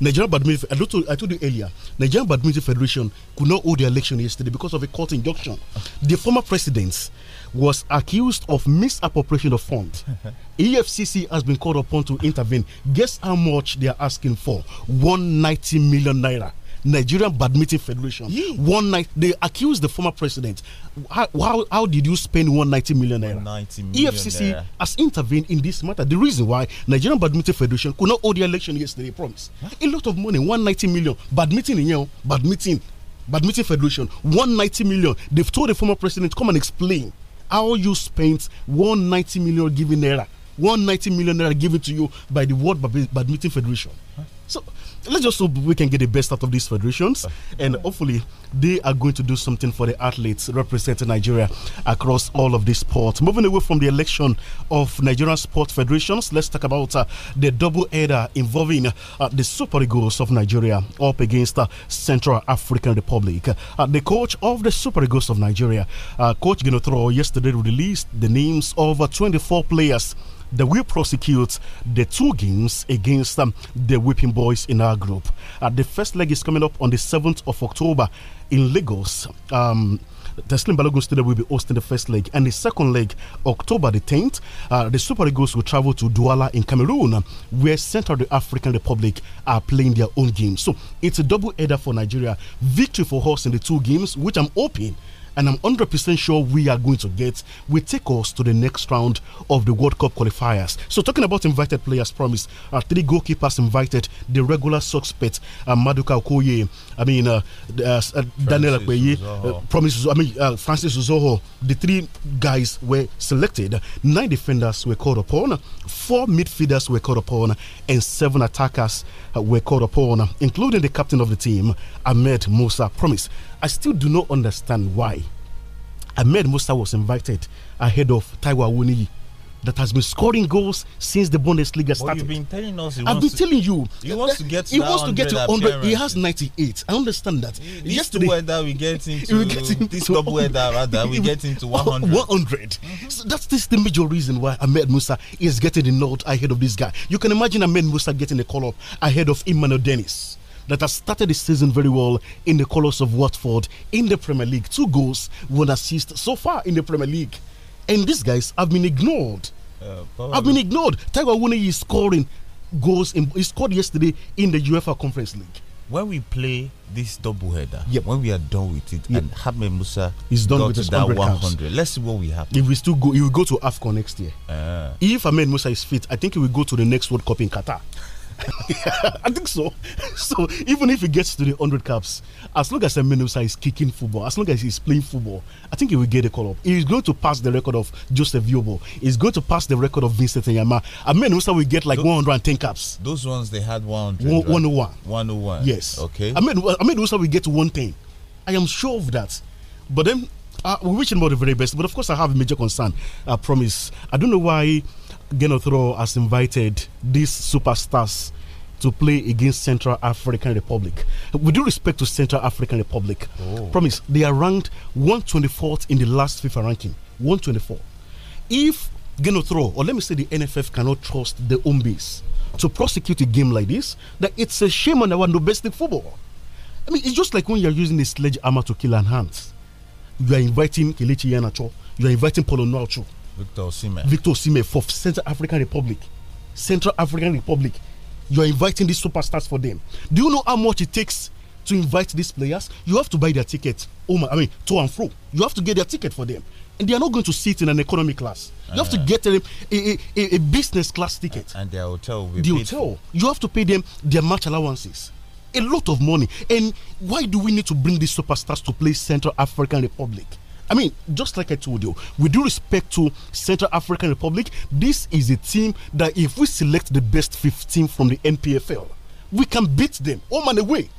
Nigerian Badminton, I told, you, I told you earlier, Nigerian Badminton Federation could not hold the election yesterday because of a court injunction. The former president was accused of misappropriation of funds. EFCC has been called upon to intervene. Guess how much they are asking for? 190 million naira. Nigerian Badminton Federation. Yeah. One night they accused the former president. How, how, how did you spend 190 million naira? 190 million EFCC has intervened in this matter. The reason why Nigerian Badminton Federation could not hold the election yesterday, promise. Huh? A lot of money, 190 million. Badminton you know, badminton, badminton federation, 190 million. They've told the former president, come and explain how you spent 190 million given naira. 190 million naira given to you by the World Badminton Federation. Huh? So let's just hope we can get the best out of these federations, and hopefully they are going to do something for the athletes representing Nigeria across all of these sports. Moving away from the election of Nigerian sports federations, let's talk about uh, the double header involving uh, the Super Eagles of Nigeria up against uh, Central African Republic. Uh, the coach of the Super Eagles of Nigeria, uh, Coach Ginotro, yesterday released the names of uh, 24 players they will prosecute the two games against um, the Whipping Boys in our group. Uh, the first leg is coming up on the 7th of October in Lagos. Um, the Slim Balogun Stadium will be hosting the first leg and the second leg, October the 10th. Uh, the Super Eagles will travel to Douala in Cameroon, where Central African Republic are playing their own game. So it's a double header for Nigeria. Victory for us in the two games, which I'm hoping and I'm 100% sure we are going to get will take us to the next round of the World Cup qualifiers. So, talking about invited players, promise our three goalkeepers invited the regular suspect uh, Maduka Okoye, I mean, uh, uh, uh Daniel Akweye, uh, promise, I mean, uh, Francis Uzoho. The three guys were selected, nine defenders were called upon, four midfielders were called upon, and seven attackers uh, were called upon, including the captain of the team, Ahmed Musa. Promise I still do not understand why Ahmed Musa was invited ahead of Taiwa Awoniyi that has been scoring goals since the Bundesliga started. Well, been telling us. I've been to, telling you. He wants to get. To he wants to get to hundred. He has ninety-eight. I understand that. This Yesterday, weather we get into. We get into this double weather rather we get into one hundred. One hundred. Mm -hmm. So that's this the major reason why Ahmed Musa is getting the nod ahead of this guy. You can imagine Ahmed Musa getting the call up ahead of Emmanuel Dennis that has started the season very well in the colours of Watford in the Premier League. Two goals, one assist so far in the Premier League. And these guys have been ignored. Uh, I've been ignored. Tiger Wuni is scoring goals. In, he scored yesterday in the UEFA Conference League. When we play this double header, yep. when we are done with it, yep. and Hamid Musa is done with that 100, 100 let's see what we have. If we still go, he will go to AFCON next year. Uh. If Ahmed Musa is fit, I think he will go to the next World Cup in Qatar yeah, I think so. So even if he gets to the 100 caps, as long as Eminusa is kicking football, as long as he's playing football, I think he will get a call up. He's going to pass the record of Joseph Yobo. He's going to pass the record of Vincent Yama. Eminusa will get like 110 caps. Those ones they had 100. One, 101. 101. Yes. Okay. Eminusa will get 110. I am sure of that. But then uh, we wish him all the very best. But of course, I have a major concern. I promise. I don't know why Genotro has invited these superstars to play against Central African Republic. With due respect to Central African Republic, oh. promise they are ranked 124th in the last FIFA ranking. 124. If Genotro, or let me say the NFF, cannot trust the UMBIs to prosecute a game like this, that it's a shame on our domestic football. I mean, it's just like when you're using a sledgehammer to kill an ant. You are inviting Kelechi Yanacho, you are inviting Polo Noacho Victor Osime. Victor Osime for Central African Republic. Central African Republic. You're inviting these superstars for them. Do you know how much it takes to invite these players? You have to buy their ticket. Oh my, I mean, to and fro. You have to get their ticket for them. And they are not going to sit in an economy class. You uh, have to eh. get them a, a, a, business class ticket. And their hotel will The hotel. For. You have to pay them their match allowances. A lot of money. And why do we need to bring these superstars to play Central African Republic? I mean, just like I told you, with due respect to Central African Republic, this is a team that if we select the best 15 from the NPFL, we can beat them home oh, and away. way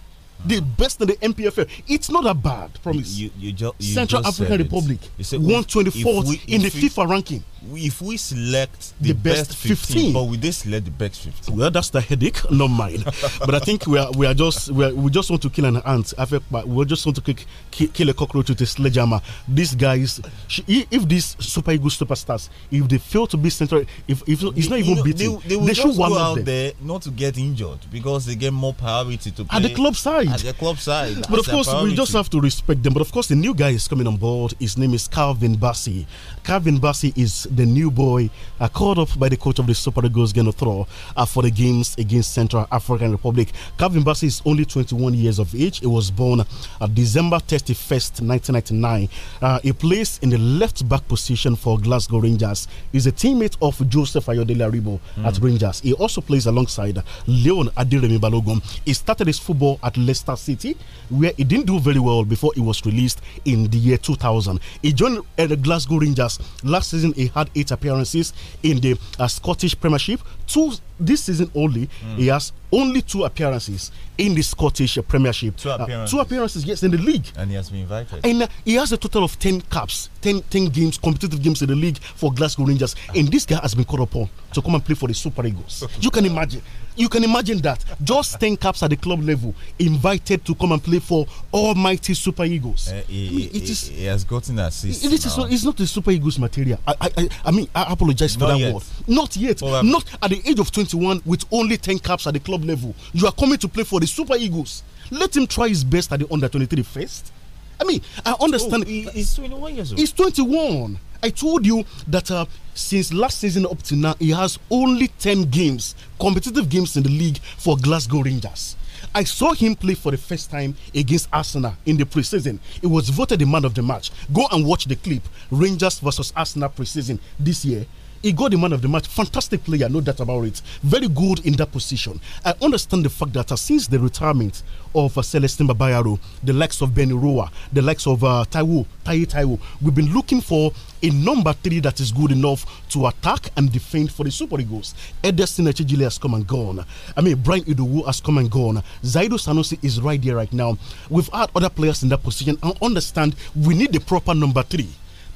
The best in the NPFL. It's not that bad, promise. You, you, you Central African Republic, 124 in if the FIFA ranking if we select the, the best, best 15, 15, but we did select the best 15 well that's the headache not mine but i think we are we are just we, are, we just want to kill an ant I we just want to kick, kill, kill a cockroach with a sledgehammer these guys if these super ego superstars if they fail to be central if, if it's not even know, beating they, they, they should go out them. there not to get injured because they get more priority to play at the club side at the club side but of course we just have to respect them but of course the new guy is coming on board his name is calvin bassi calvin bassi is the new boy, uh, called up by the coach of the Super Eagles, Genethro, uh, for the games against Central African Republic. Calvin Bassey is only 21 years of age. He was born uh, December 31st, 1999. Uh, he plays in the left back position for Glasgow Rangers. He's a teammate of Joseph Ayodele Aribo mm. at Rangers. He also plays alongside Leon Adiremi Balogun. He started his football at Leicester City, where he didn't do very well before he was released in the year 2000. He joined uh, the Glasgow Rangers last season. He had eight appearances in the uh, Scottish Premiership, two this season only, mm. he has only two appearances in the Scottish Premiership. Two uh, appearances. Uh, two appearances, yes, in the league. And he has been invited. And uh, he has a total of 10 caps, 10, 10 games, competitive games in the league for Glasgow Rangers. And this guy has been called upon to come and play for the Super Eagles. You can imagine. You can imagine that. Just 10 caps at the club level, invited to come and play for almighty Super Eagles. Uh, he, I mean, he, has gotten assist. It is not, it's not the Super Eagles material. I, I, I mean, I apologize not for that yet. word. Not yet. Well, not at the age of 20. Twenty-one with only 10 caps at the club level. You are coming to play for the Super Eagles. Let him try his best at the under 23 first. I mean, I oh, understand. Oh, he's 21 years old. He's 21. I told you that uh, since last season up to now, he has only 10 games, competitive games in the league for Glasgow Rangers. I saw him play for the first time against Arsenal in the preseason. He was voted the man of the match. Go and watch the clip Rangers versus Arsenal preseason this year. He got the man of the match. Fantastic player, no doubt about it. Very good in that position. I understand the fact that uh, since the retirement of uh, Celestin Babayaro, the likes of Benny Roa, the likes of uh, Taiwo, Tai Taiwo, we've been looking for a number three that is good enough to attack and defend for the Super Eagles. Ederson Echejile has come and gone. I mean, Brian Idowu has come and gone. Zaido Sanusi is right there right now. We've had other players in that position and understand we need the proper number three.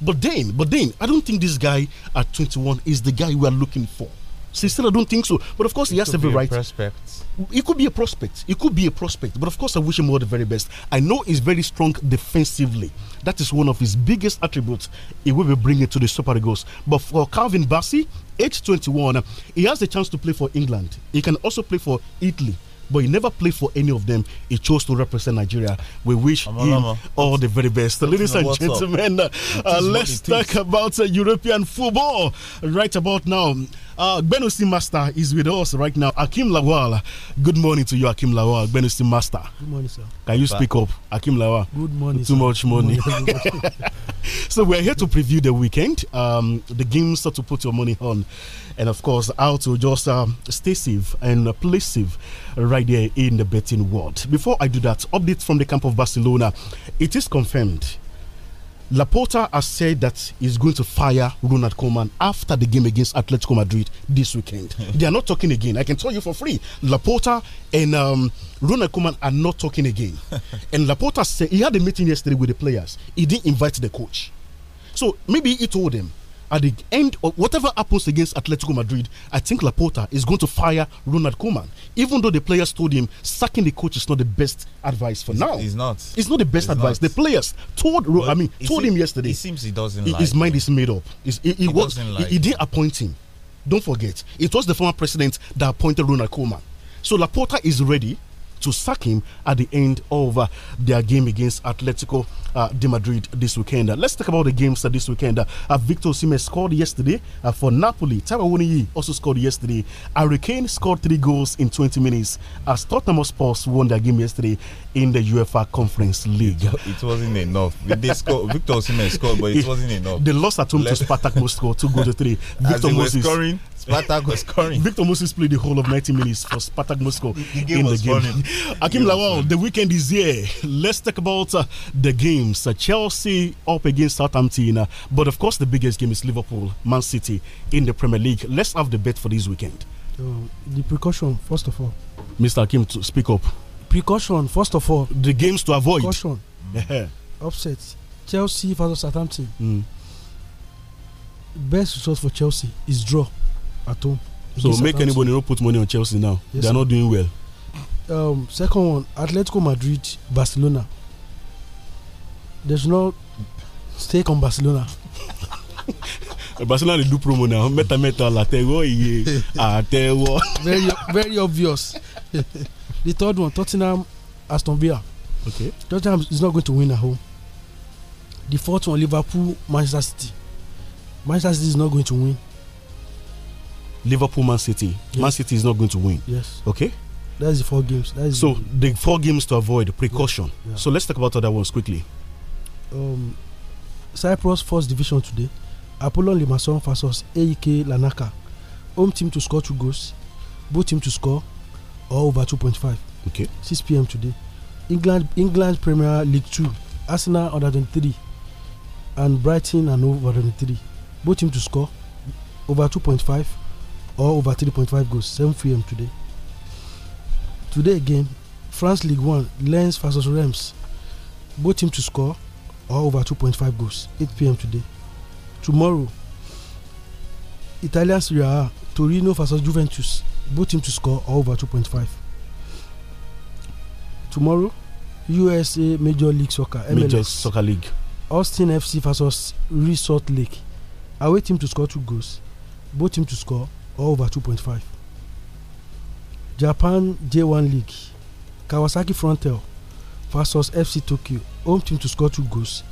But then, but then, I don't think this guy at 21 is the guy we are looking for. So still, I don't think so. But of course, he has has every right. Prospect. It could be a prospect. It could be a prospect. But of course, I wish him all the very best. I know he's very strong defensively. That is one of his biggest attributes. He will be bringing to the Super Eagles. But for Calvin Bassi, age 21, he has a chance to play for England. He can also play for Italy but he never played for any of them. He chose to represent Nigeria. We wish I'm him all the very best. Ladies and gentlemen, uh, let's talk about uh, European football right about now. Uh, Benusi Master is with us right now. Akim Lawal, good morning to you, Akim Lawal. Benusi Master. Good morning, sir. Can you speak up, Akim Lawal? Good morning. Too sir. much money. Morning. so we're here to preview the weekend, um, the games to put your money on, and of course how to just uh, stay safe and uh, play safe right there in the betting world. Before I do that, update from the camp of Barcelona. It is confirmed Laporta has said that he's going to fire Ronald Koeman after the game against Atletico Madrid this weekend. they are not talking again. I can tell you for free. Laporta and um, Ronald Koeman are not talking again. and Laporta said he had a meeting yesterday with the players. He didn't invite the coach. So maybe he told them at the end of whatever happens against Atletico Madrid, I think Laporta is going to fire Ronald Koeman. Even though the players told him sacking the coach is not the best advice for it's, now. It's not. It's not the best it's advice. Not. The players told I mean told him yesterday. It seems he doesn't. like his him. mind is made up. it, he, he was. Like he, he didn't appoint him. Don't forget, it was the former president that appointed Ronald Koeman. So Laporta is ready to sack him at the end of uh, their game against Atletico uh, De Madrid this weekend. let's talk about the games uh, this weekend. Uh, Victor Sime scored yesterday uh, for Napoli. Taiwo also scored yesterday. Aricane scored three goals in 20 minutes as Tottenham Sports won their game yesterday in the UEFA Conference League. It, it wasn't enough. They scored, Victor Osimhen scored, but it, it, wasn't enough. They lost at home Let to Spartak Moscow, two goals to three. Victor Moses scoring. Spartak was scoring. Victor Moses played the whole of 90 minutes for Spartak Moscow the in the game. Akim Lawal, the weekend is here. Let's talk about uh, the game games uh, Chelsea up against Southampton, uh, but of course, the biggest game is Liverpool Man City in the Premier League. Let's have the bet for this weekend. Uh, the precaution, first of all, Mr. Akim, to speak up. Precaution, first of all, the games to avoid. Precaution, upset Chelsea versus Southampton. Mm. Best result for Chelsea is draw at home. So make anybody not put money on Chelsea now. Yes, they are not doing well. Um, second one, Atletico Madrid, Barcelona. There's no stake on Barcelona. Eh, Barcelona they do promo now. Meta meta latewo iye atewo. Very very obvious. the third one, Tottenham, Aston Villa. Okay. Tottenham is not going to win at home. The fourth one, Liverpool, Manchester City. Manchester City is not going to win. Liverpool, Man City. Yes. Man City is not going to win. Yes. Okay. That's the four games. That is so the, the four games to avoid precaution. Yeah. Yeah. So let's talk about other ones quickly. um, Cyprus First Division today. Apollon Limassol vs AEK Lanaka. Home team to score two goals, both team to score or over two point five. Okay. Six p.m. today. England England Premier League two. Arsenal under twenty three and Brighton and over twenty three. Both team to score over two point five or over three point five goals 7 p.m. today. Today again, France League One Lens vs Reims. Both team to score or over 2.5 goals 8 pm today tomorrow italian serie a torino versus juventus both teams to score or over 2.5 tomorrow usa major league soccer mls major soccer league austin fc versus resort lake away team to score two goals both teams to score or over 2.5 japan j1 league kawasaki frontale versus FC Tokyo, home team to score two goals,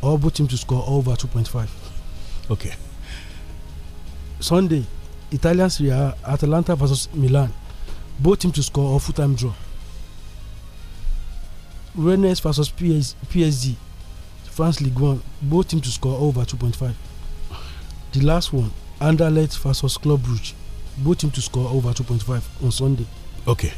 or both team to score over two point five. Okay. Sunday, Italian Serie A, Atalanta vs. Milan, both team to score or full time draw. Rennes vs. PS PSG, France League One, both team to score over two point five. The last one, Anderlecht vs. Club Brugge, both team to score over two point five on Sunday. Okay.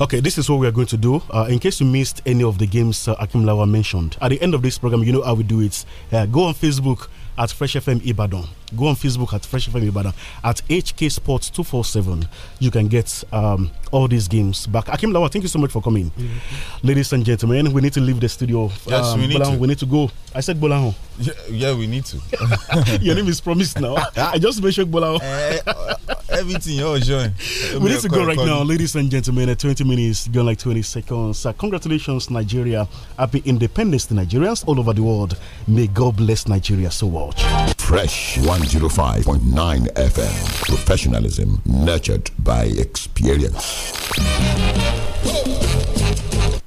Okay, this is what we are going to do. Uh, in case you missed any of the games uh, Akim Lawa mentioned, at the end of this program, you know how we do it. Uh, go on Facebook at Fresh FM Ibadan. Go on Facebook at Fresh FM Ibadan at HK Sports 247. You can get um, all these games back. Akim Lawa, thank you so much for coming. Mm -hmm. Ladies and gentlemen, we need to leave the studio. Yes, um, we, need Bolan, to. we need to go. I said Bolan. Yeah, yeah, we need to. Your name is promised now. I just mentioned Bolan. Eh, Everything you all join. We need to go right now, ladies and gentlemen. At 20 minutes, gone like 20 seconds. Uh, congratulations, Nigeria. Happy independence to Nigerians all over the world. May God bless Nigeria so much. Fresh 105.9 FM. Professionalism nurtured by experience.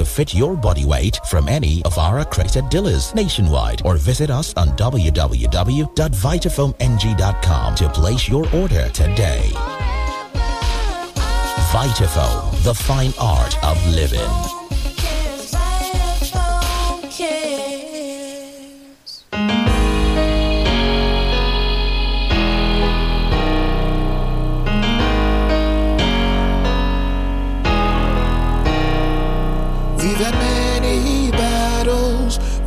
to fit your body weight from any of our accredited dealers nationwide or visit us on www.vitafoamng.com to place your order today. Vitafoam, the fine art of living.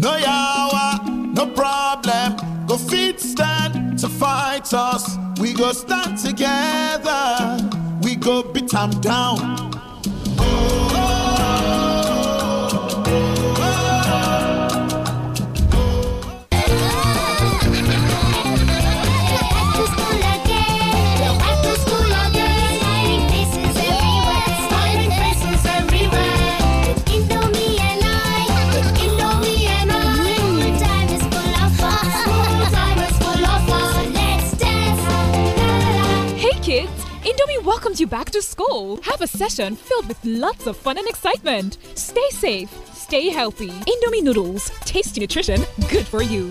No yawa, no problem. Go feed stand to fight us. We go stand together. We go beat them down. you back to school. Have a session filled with lots of fun and excitement. Stay safe, stay healthy. Indomie noodles, tasty nutrition, good for you.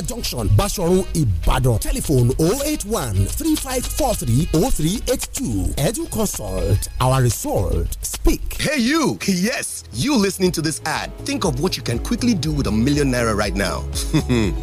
junction Basharun Ibadan telephone 081 3543 0382 Edu Consult our resort speak. Hey you! Yes, you listening to this ad. Think of what you can quickly do with a million naira right now.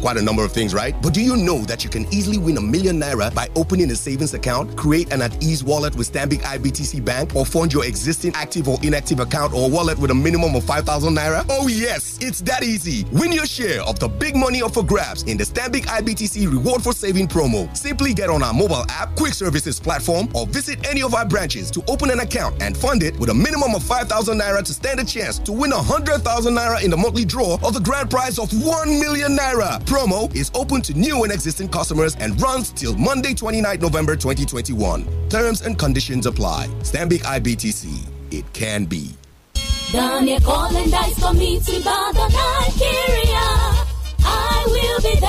Quite a number of things, right? But do you know that you can easily win a million naira by opening a savings account, create an at-ease wallet with Stanbic IBTC Bank, or fund your existing active or inactive account or wallet with a minimum of 5,000 naira? Oh yes, it's that easy. Win your share of the big money up for grabs in the Stanbic IBTC Reward for Saving promo. Simply get on our mobile app, quick services platform, or visit any of our branches to open an account and fund it with a minimum of 5,000 naira to stand a chance to win 100,000 naira in the monthly draw of the grand prize of 1 million naira. Promo is open to new and existing customers and runs till Monday, 29 November 2021. Terms and conditions apply. Stanbic IBTC. It can be. Daniel Dice I will be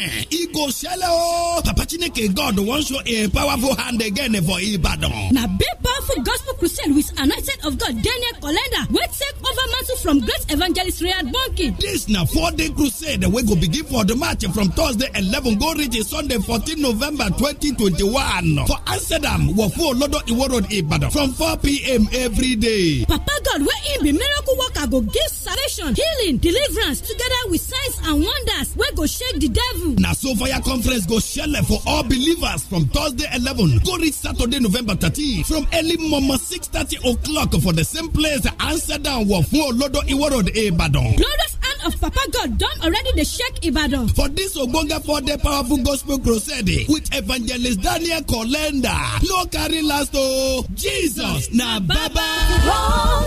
there. go ṣẹlẹ̀ o. Papa Chineke God wan show a powerful hand again for Ibadan. Now, big powerful gospel crusade with anointed of God Daniel Kolenda wey take over mantle from great evangelist Riyad Bonke. This now four day crusade we go begin for the march from Thursday eleven go reach Sunday fourteen November twenty twenty one for Amsterdam Wofo Olodo Iwo Road Ibadan from 4 pm every day. Papa God we im be miracle worker go give salvation, healing, deliverance together with signs and wonders We go shake the devil. Now, so far prayer conference go shele for all believers from Thursday 11 go reach Saturday November 13 from early momo 6:30 o'clock for the same place answer down wọ fún Olodo Iwo Road Ibadan. Glorious hand of Papa God don already dey shake Ibadan. For this ogbonge four-day powerful gospel crusade with evangelist Daniel Kolenda no carry last o oh, Jesus na Baba.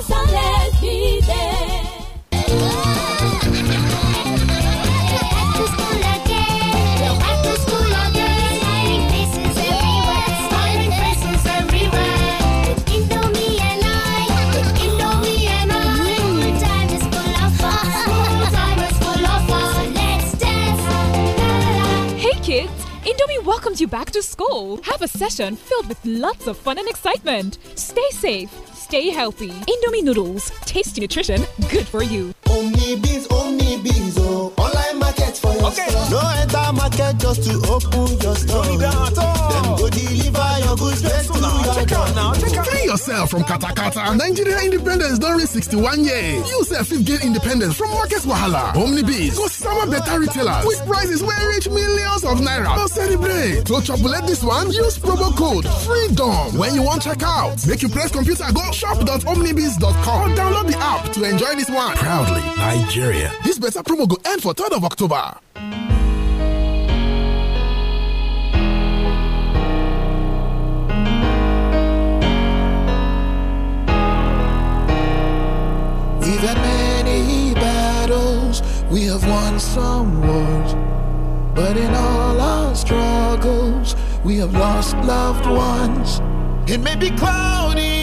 Run, welcomes you back to school. Have a session filled with lots of fun and excitement. Stay safe, Stay healthy. Indomie noodles, tasty nutrition, good for you. Only beans, only beans, oh. Online market for your okay. store. No enter market just to open your store. No need at all. Them go deliver your goods straight to your Check out now. Check out. Free yourself from katakata. Nigeria independence don reach 61 years. You sef fit gain independence from market wahala. Omni beans go sama better retailers with prices where reach millions of naira. No celebrate. To chop this one, use promo code FREEDOM when you want check out. Make you press computer go shop.omnibiz.com or download the app to enjoy this one. Proudly, Nigeria. This better promo will end for 3rd of October. We've had many battles, we have won some wars. But in all our struggles, we have lost loved ones. It may be cloudy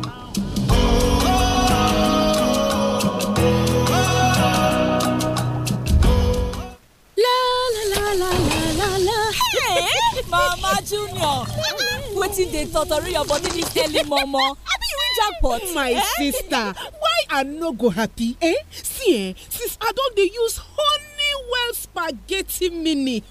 hey, mama junior wetin dey totori your body dis early momo abi you win jackpot. Oh my eh? sister why i no go happy eh? see eh, since i don dey use honeywell spaghetti mini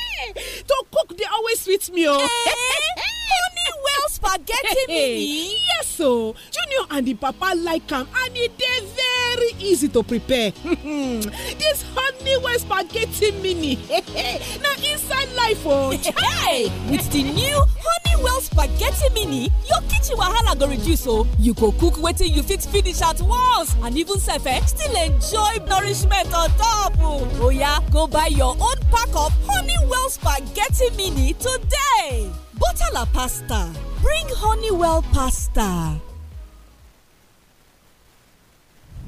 to cook dey always sweet me o. Oh. Eh? honeywell spaghetti mini. yes o oh. junior and the papa like am and e dey very very easy to prepare. this honey well spaghetti mini Now, inside life oh. Hey, with the new honeywell spaghetti mini your kitchen wahala go reduce oh. You go cook wetin you fit finish at once and even serve sef eh, still enjoy nourishment on top oh. yeah, go buy your own pack of honeywell spaghetti mini today. Butala pasta. Bring Honeywell pasta.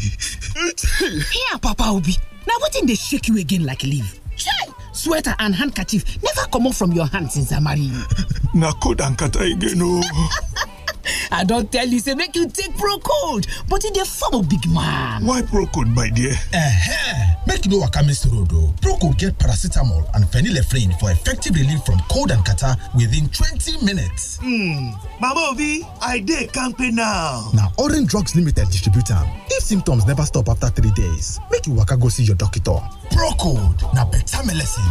Here, Papa Obi. Now, what in they shake you again like leaf? Chai! Sweater and handkerchief never come off from your hands since I married you. Na and kata again, oh. i don't tell you say make you take Procode, but in the form of big man why Procode, my dear? eh make you no waka miss road o get paracetamol and phenylephrine for effective relief from cold and catarrh within 20 minutes hmm mama obi i dey campaign now Now orange drugs limited Distributor. if symptoms never stop after three days make you waka go see your doctor Now procold na beta melecine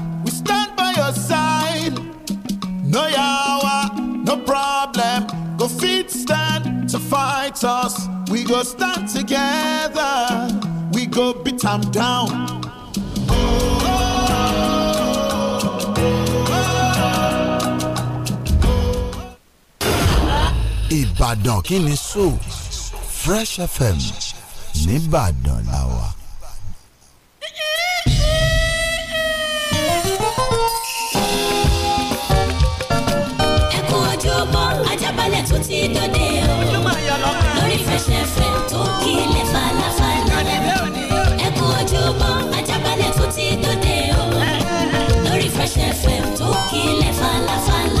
No yawa, no problem. Go feet stand to fight us. We go stand together. We go beat 'em down. Oh, oh, oh, Ìbàdàn kí so Fresh FM nìbàdàn làwà. ti dòde o lórí fẹsẹ̀fẹ̀ tó kílẹ̀ falafala ẹ kú ojúmọ́ Ajaabale tó ti dòde o lórí fẹsẹ̀fẹ̀ falafala.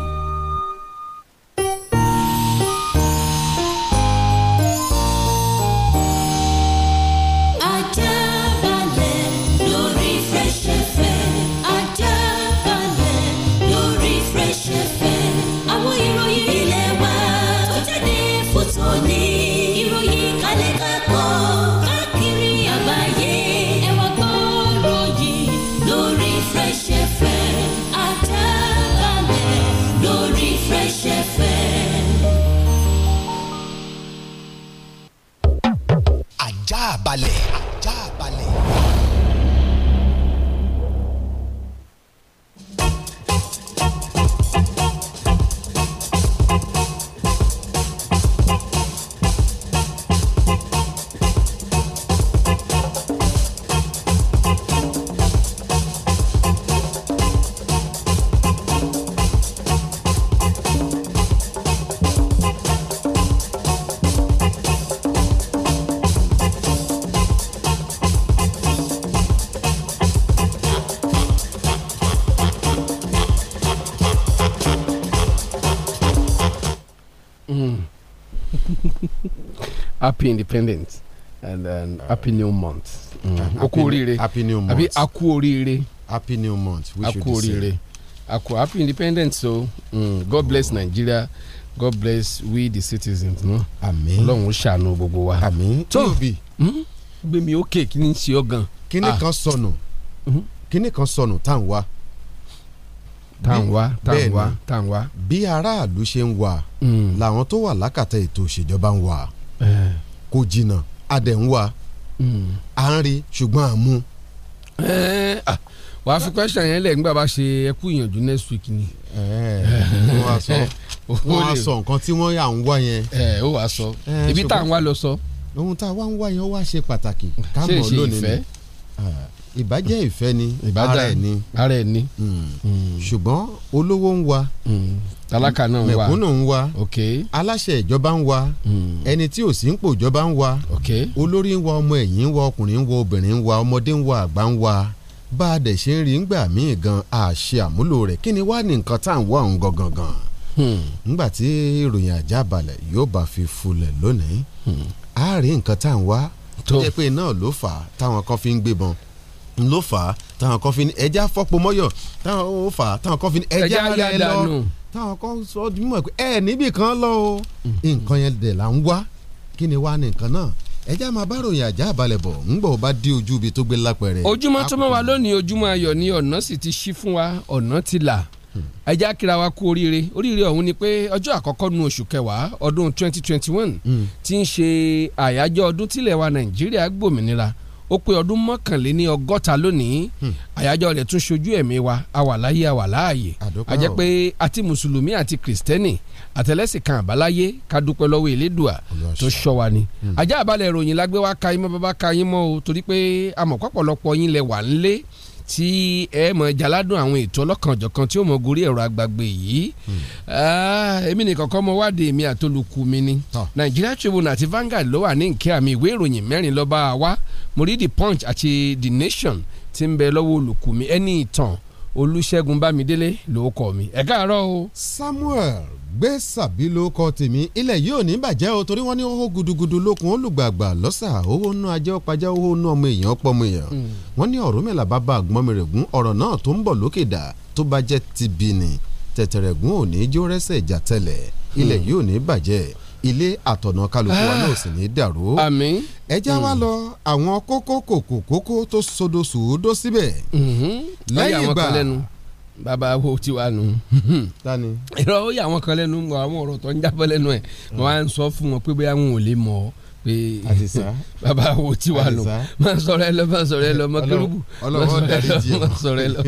happy independence and then uh, happy new month. Mm. oku oríire happy new month àbí aku oríire. happy new month we aku oríire aku happy independence o so, mm, god bless oh. nigeria god bless we the citizens. No? àmín ọlọ́run ó ṣàánú gbogbo wa. àmín tóbi. Mm, gbèmí òkè kí ni ṣe ọ gan. kíní ah. kan sọnù mm-hmm. kíní kan sọnù tá à ń wá tàǹwá tàǹwá tàǹwá. bí aráàlú ṣe ń wà mm. làwọn tó wà lákàtà ètò ìṣèjọba ń wà kò jìnnà adẹ̀ ń wa à ń rí ṣùgbọ́n à ń mú. wàá fi question yẹn lẹ̀ nígbà bá ṣe ẹkú ìyànjú next week ni. wọ́n á sọ nǹkan tí wọ́n yà ń wá yẹn. ó wàá sọ ibi tá à ń wá lọ sọ. ohun tá a wá ń wá yẹn ó wá ṣe pàtàkì ká mọ̀ lónìí ni ìbàjẹ́ ìfẹ́ ni ara ẹ̀ ni ara ẹ̀ ni hmm. Hmm. ṣùgbọ́n olówó ń wa tálákà náà ń wa mẹ̀kúnnù ń wa aláṣẹ ìjọba ń wa hmm. ẹni tí ò sí ń pò ìjọba ń wa olórí ń wa ọmọ ẹ̀yìn ń wa ọkùnrin ń wa obìnrin ń wa ọmọdé ń wa àgbà ń wa bá a dẹ̀ ṣe ń rí ngbà míì gan àṣẹ àmúlò rẹ̀ kí ni wá ní nǹkan tá à ń wá òun gangan gan ngbà hmm. tí ìròyìn àjábalẹ̀ yóò bá fi fulẹ̀ lónìí hmm. a rí nǹkan tá à ń wá tó jẹ́ pé náà ló fà á táwọn kan fi ń gbébọn ló fà á táwọn kan fi ń ẹja mọ́yọ̀ táwọn ó fà á táwọn kan fi ń ẹja lọ táwọn kan sọ ọ́ di mímọ̀ pé ẹ níbì kan lọ o nǹkan yẹn dẹ̀ là ń wá kí ni wá ní nǹkan náà ẹ já máa bá ròyìn àjá àbálẹ̀ bọ̀ ńgbọ̀ bá dé ojú ibi tó gbé lápẹ̀rẹ̀. ojúmọ́ tó mọ́ wa lónìí ojúmọ́ ayọ̀ ni ọ̀nà sì ti ṣí fún wa ọ̀nà ti là ẹ já kíra wa kú oríire oríire ọ̀hún ni pé ọjọ́ àkọ́kọ́ nu oṣù kẹwàá ọdún 2021 ti hmm. ń ṣe àyájọ́ ọdún tilẹ̀ wa nàìjíríà gbòmìnira ó pé ọdún mọ́kànléní ọgọ́ta lónìí hmm. àyájọ́ rẹ̀ tún ṣojú ẹ̀mí wa awàláyé awàláàyè a jẹ́ pé àti mùsùlùmí àti kìrìsìtẹ́nì àtẹlẹ́sìn kan àbáláyé ká dúpẹ́ lọ́wọ́ elédùà tó ṣọ́ wa ni. Hmm. ajá àbálẹ̀ ìròyìn lágbé wa ka yín mọ́ bàbá ka yín mọ́ o torí pé amọ̀pọ̀pọ̀lọpọ̀ yín lẹ wà ń lé tí ẹ mọ̀ jaládùn àwọn ètò ọlọ́kanjọ̀kan tí ó mọ̀ gorí ẹ̀rọ àgbàgbé yìí hmm. ah, èmi nìkan kọ́ mọ wádìí mi àtolùkù mi ni Nigeria Tribune àti Vanguard ló wà ní nkẹ́ àmì ìwé ìròyìn mẹ́rin lọ́ba wa mo rí The Punch àti The Nation ti ń bẹ lọ́wọ́ olùkù mi ẹni ìtàn olùṣègùn bámidélé ló kọ mi ẹ káàárọ̀ o. samuel gbé sàbí ló kọ tèmi ilẹ̀ yìí ò ní bàjẹ́ o torí wọ́n ní owó gudugudu lókun ó lùgbàgbà lọ́sà owó nú ajẹ́ ọ̀pájá owó nú ọmọ èèyàn pọ́mọ èèyàn hmm. wọ́n ní ọ̀rọ̀ mẹ́la bàbá àgbọ̀nmi rẹ̀ gún ọ̀rọ̀ náà tó ń bọ̀ lókè dà tó bá jẹ́ tìbí tẹ̀tẹ̀rẹ̀ gún òní jó rẹ́sẹ̀ ìjà tẹ̀lẹ̀ ilẹ̀ hmm. yìí ò ní bàjẹ́ ilé àtọ̀nà kálukú wa náà sì ní dàrú. Ah, àmín. ẹ já wa hmm. lọ àwọn kókó kòkó kókó tó sodo sòódó síbẹ̀. Hmm. lẹ́yìn ìgbà bàbá wo ti wà nù. Hmm. tani. ìrọ̀ ó yà wọ́n kan lẹ́nu àwọn ọ̀rọ̀ tó ń jábọ́ lẹ́nu ẹ̀ wọ́n á sọ fún wọn pé bóyá wọn ò lè mọ̀ ọ́ pé Baba wo tí wà nù máa sọ̀rọ̀ ẹ lọ máa sọ̀rọ̀ ẹ lọ ọmọ kérúbù máa sọ̀rọ̀ ẹ lọ.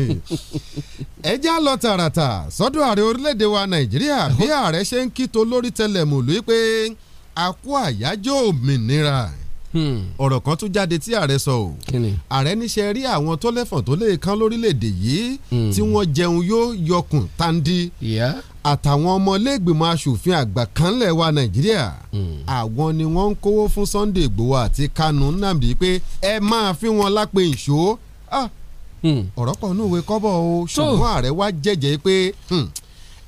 ẹ já lọ tààràtà sọ́dọ̀ ààrẹ orílẹ̀‐èdè wa nàìjíríà bí ààrẹ ṣe ń kí tó lórí tẹlẹ̀mù lóyún pé a kú àyájọ́ òmìnira. Hmm. ọ̀rọ̀ kan tún jáde tí ààrẹ sọ o ààrẹ níṣẹ́ rí àwọn tó lẹ́fọ̀n tó lè kán lórílẹ̀‐èdè yìí hmm. tí wọ́n jẹun yóò yọkùn tandi àtàwọn ọmọlẹ́gbìmọ̀ asòfin àgbà kanlẹ̀ wa nàìjíríà hmm. àwọn ni wọ́n ń kówó fún Sunday Igboho àti Kanu Nnamdi pé ẹ máa fi wọn lápè ìṣó ah! ọ̀rọ̀ kan ní òwe kọ́bọ̀ o ṣùgbọ́n ààrẹ wá jẹ́jẹ́ pé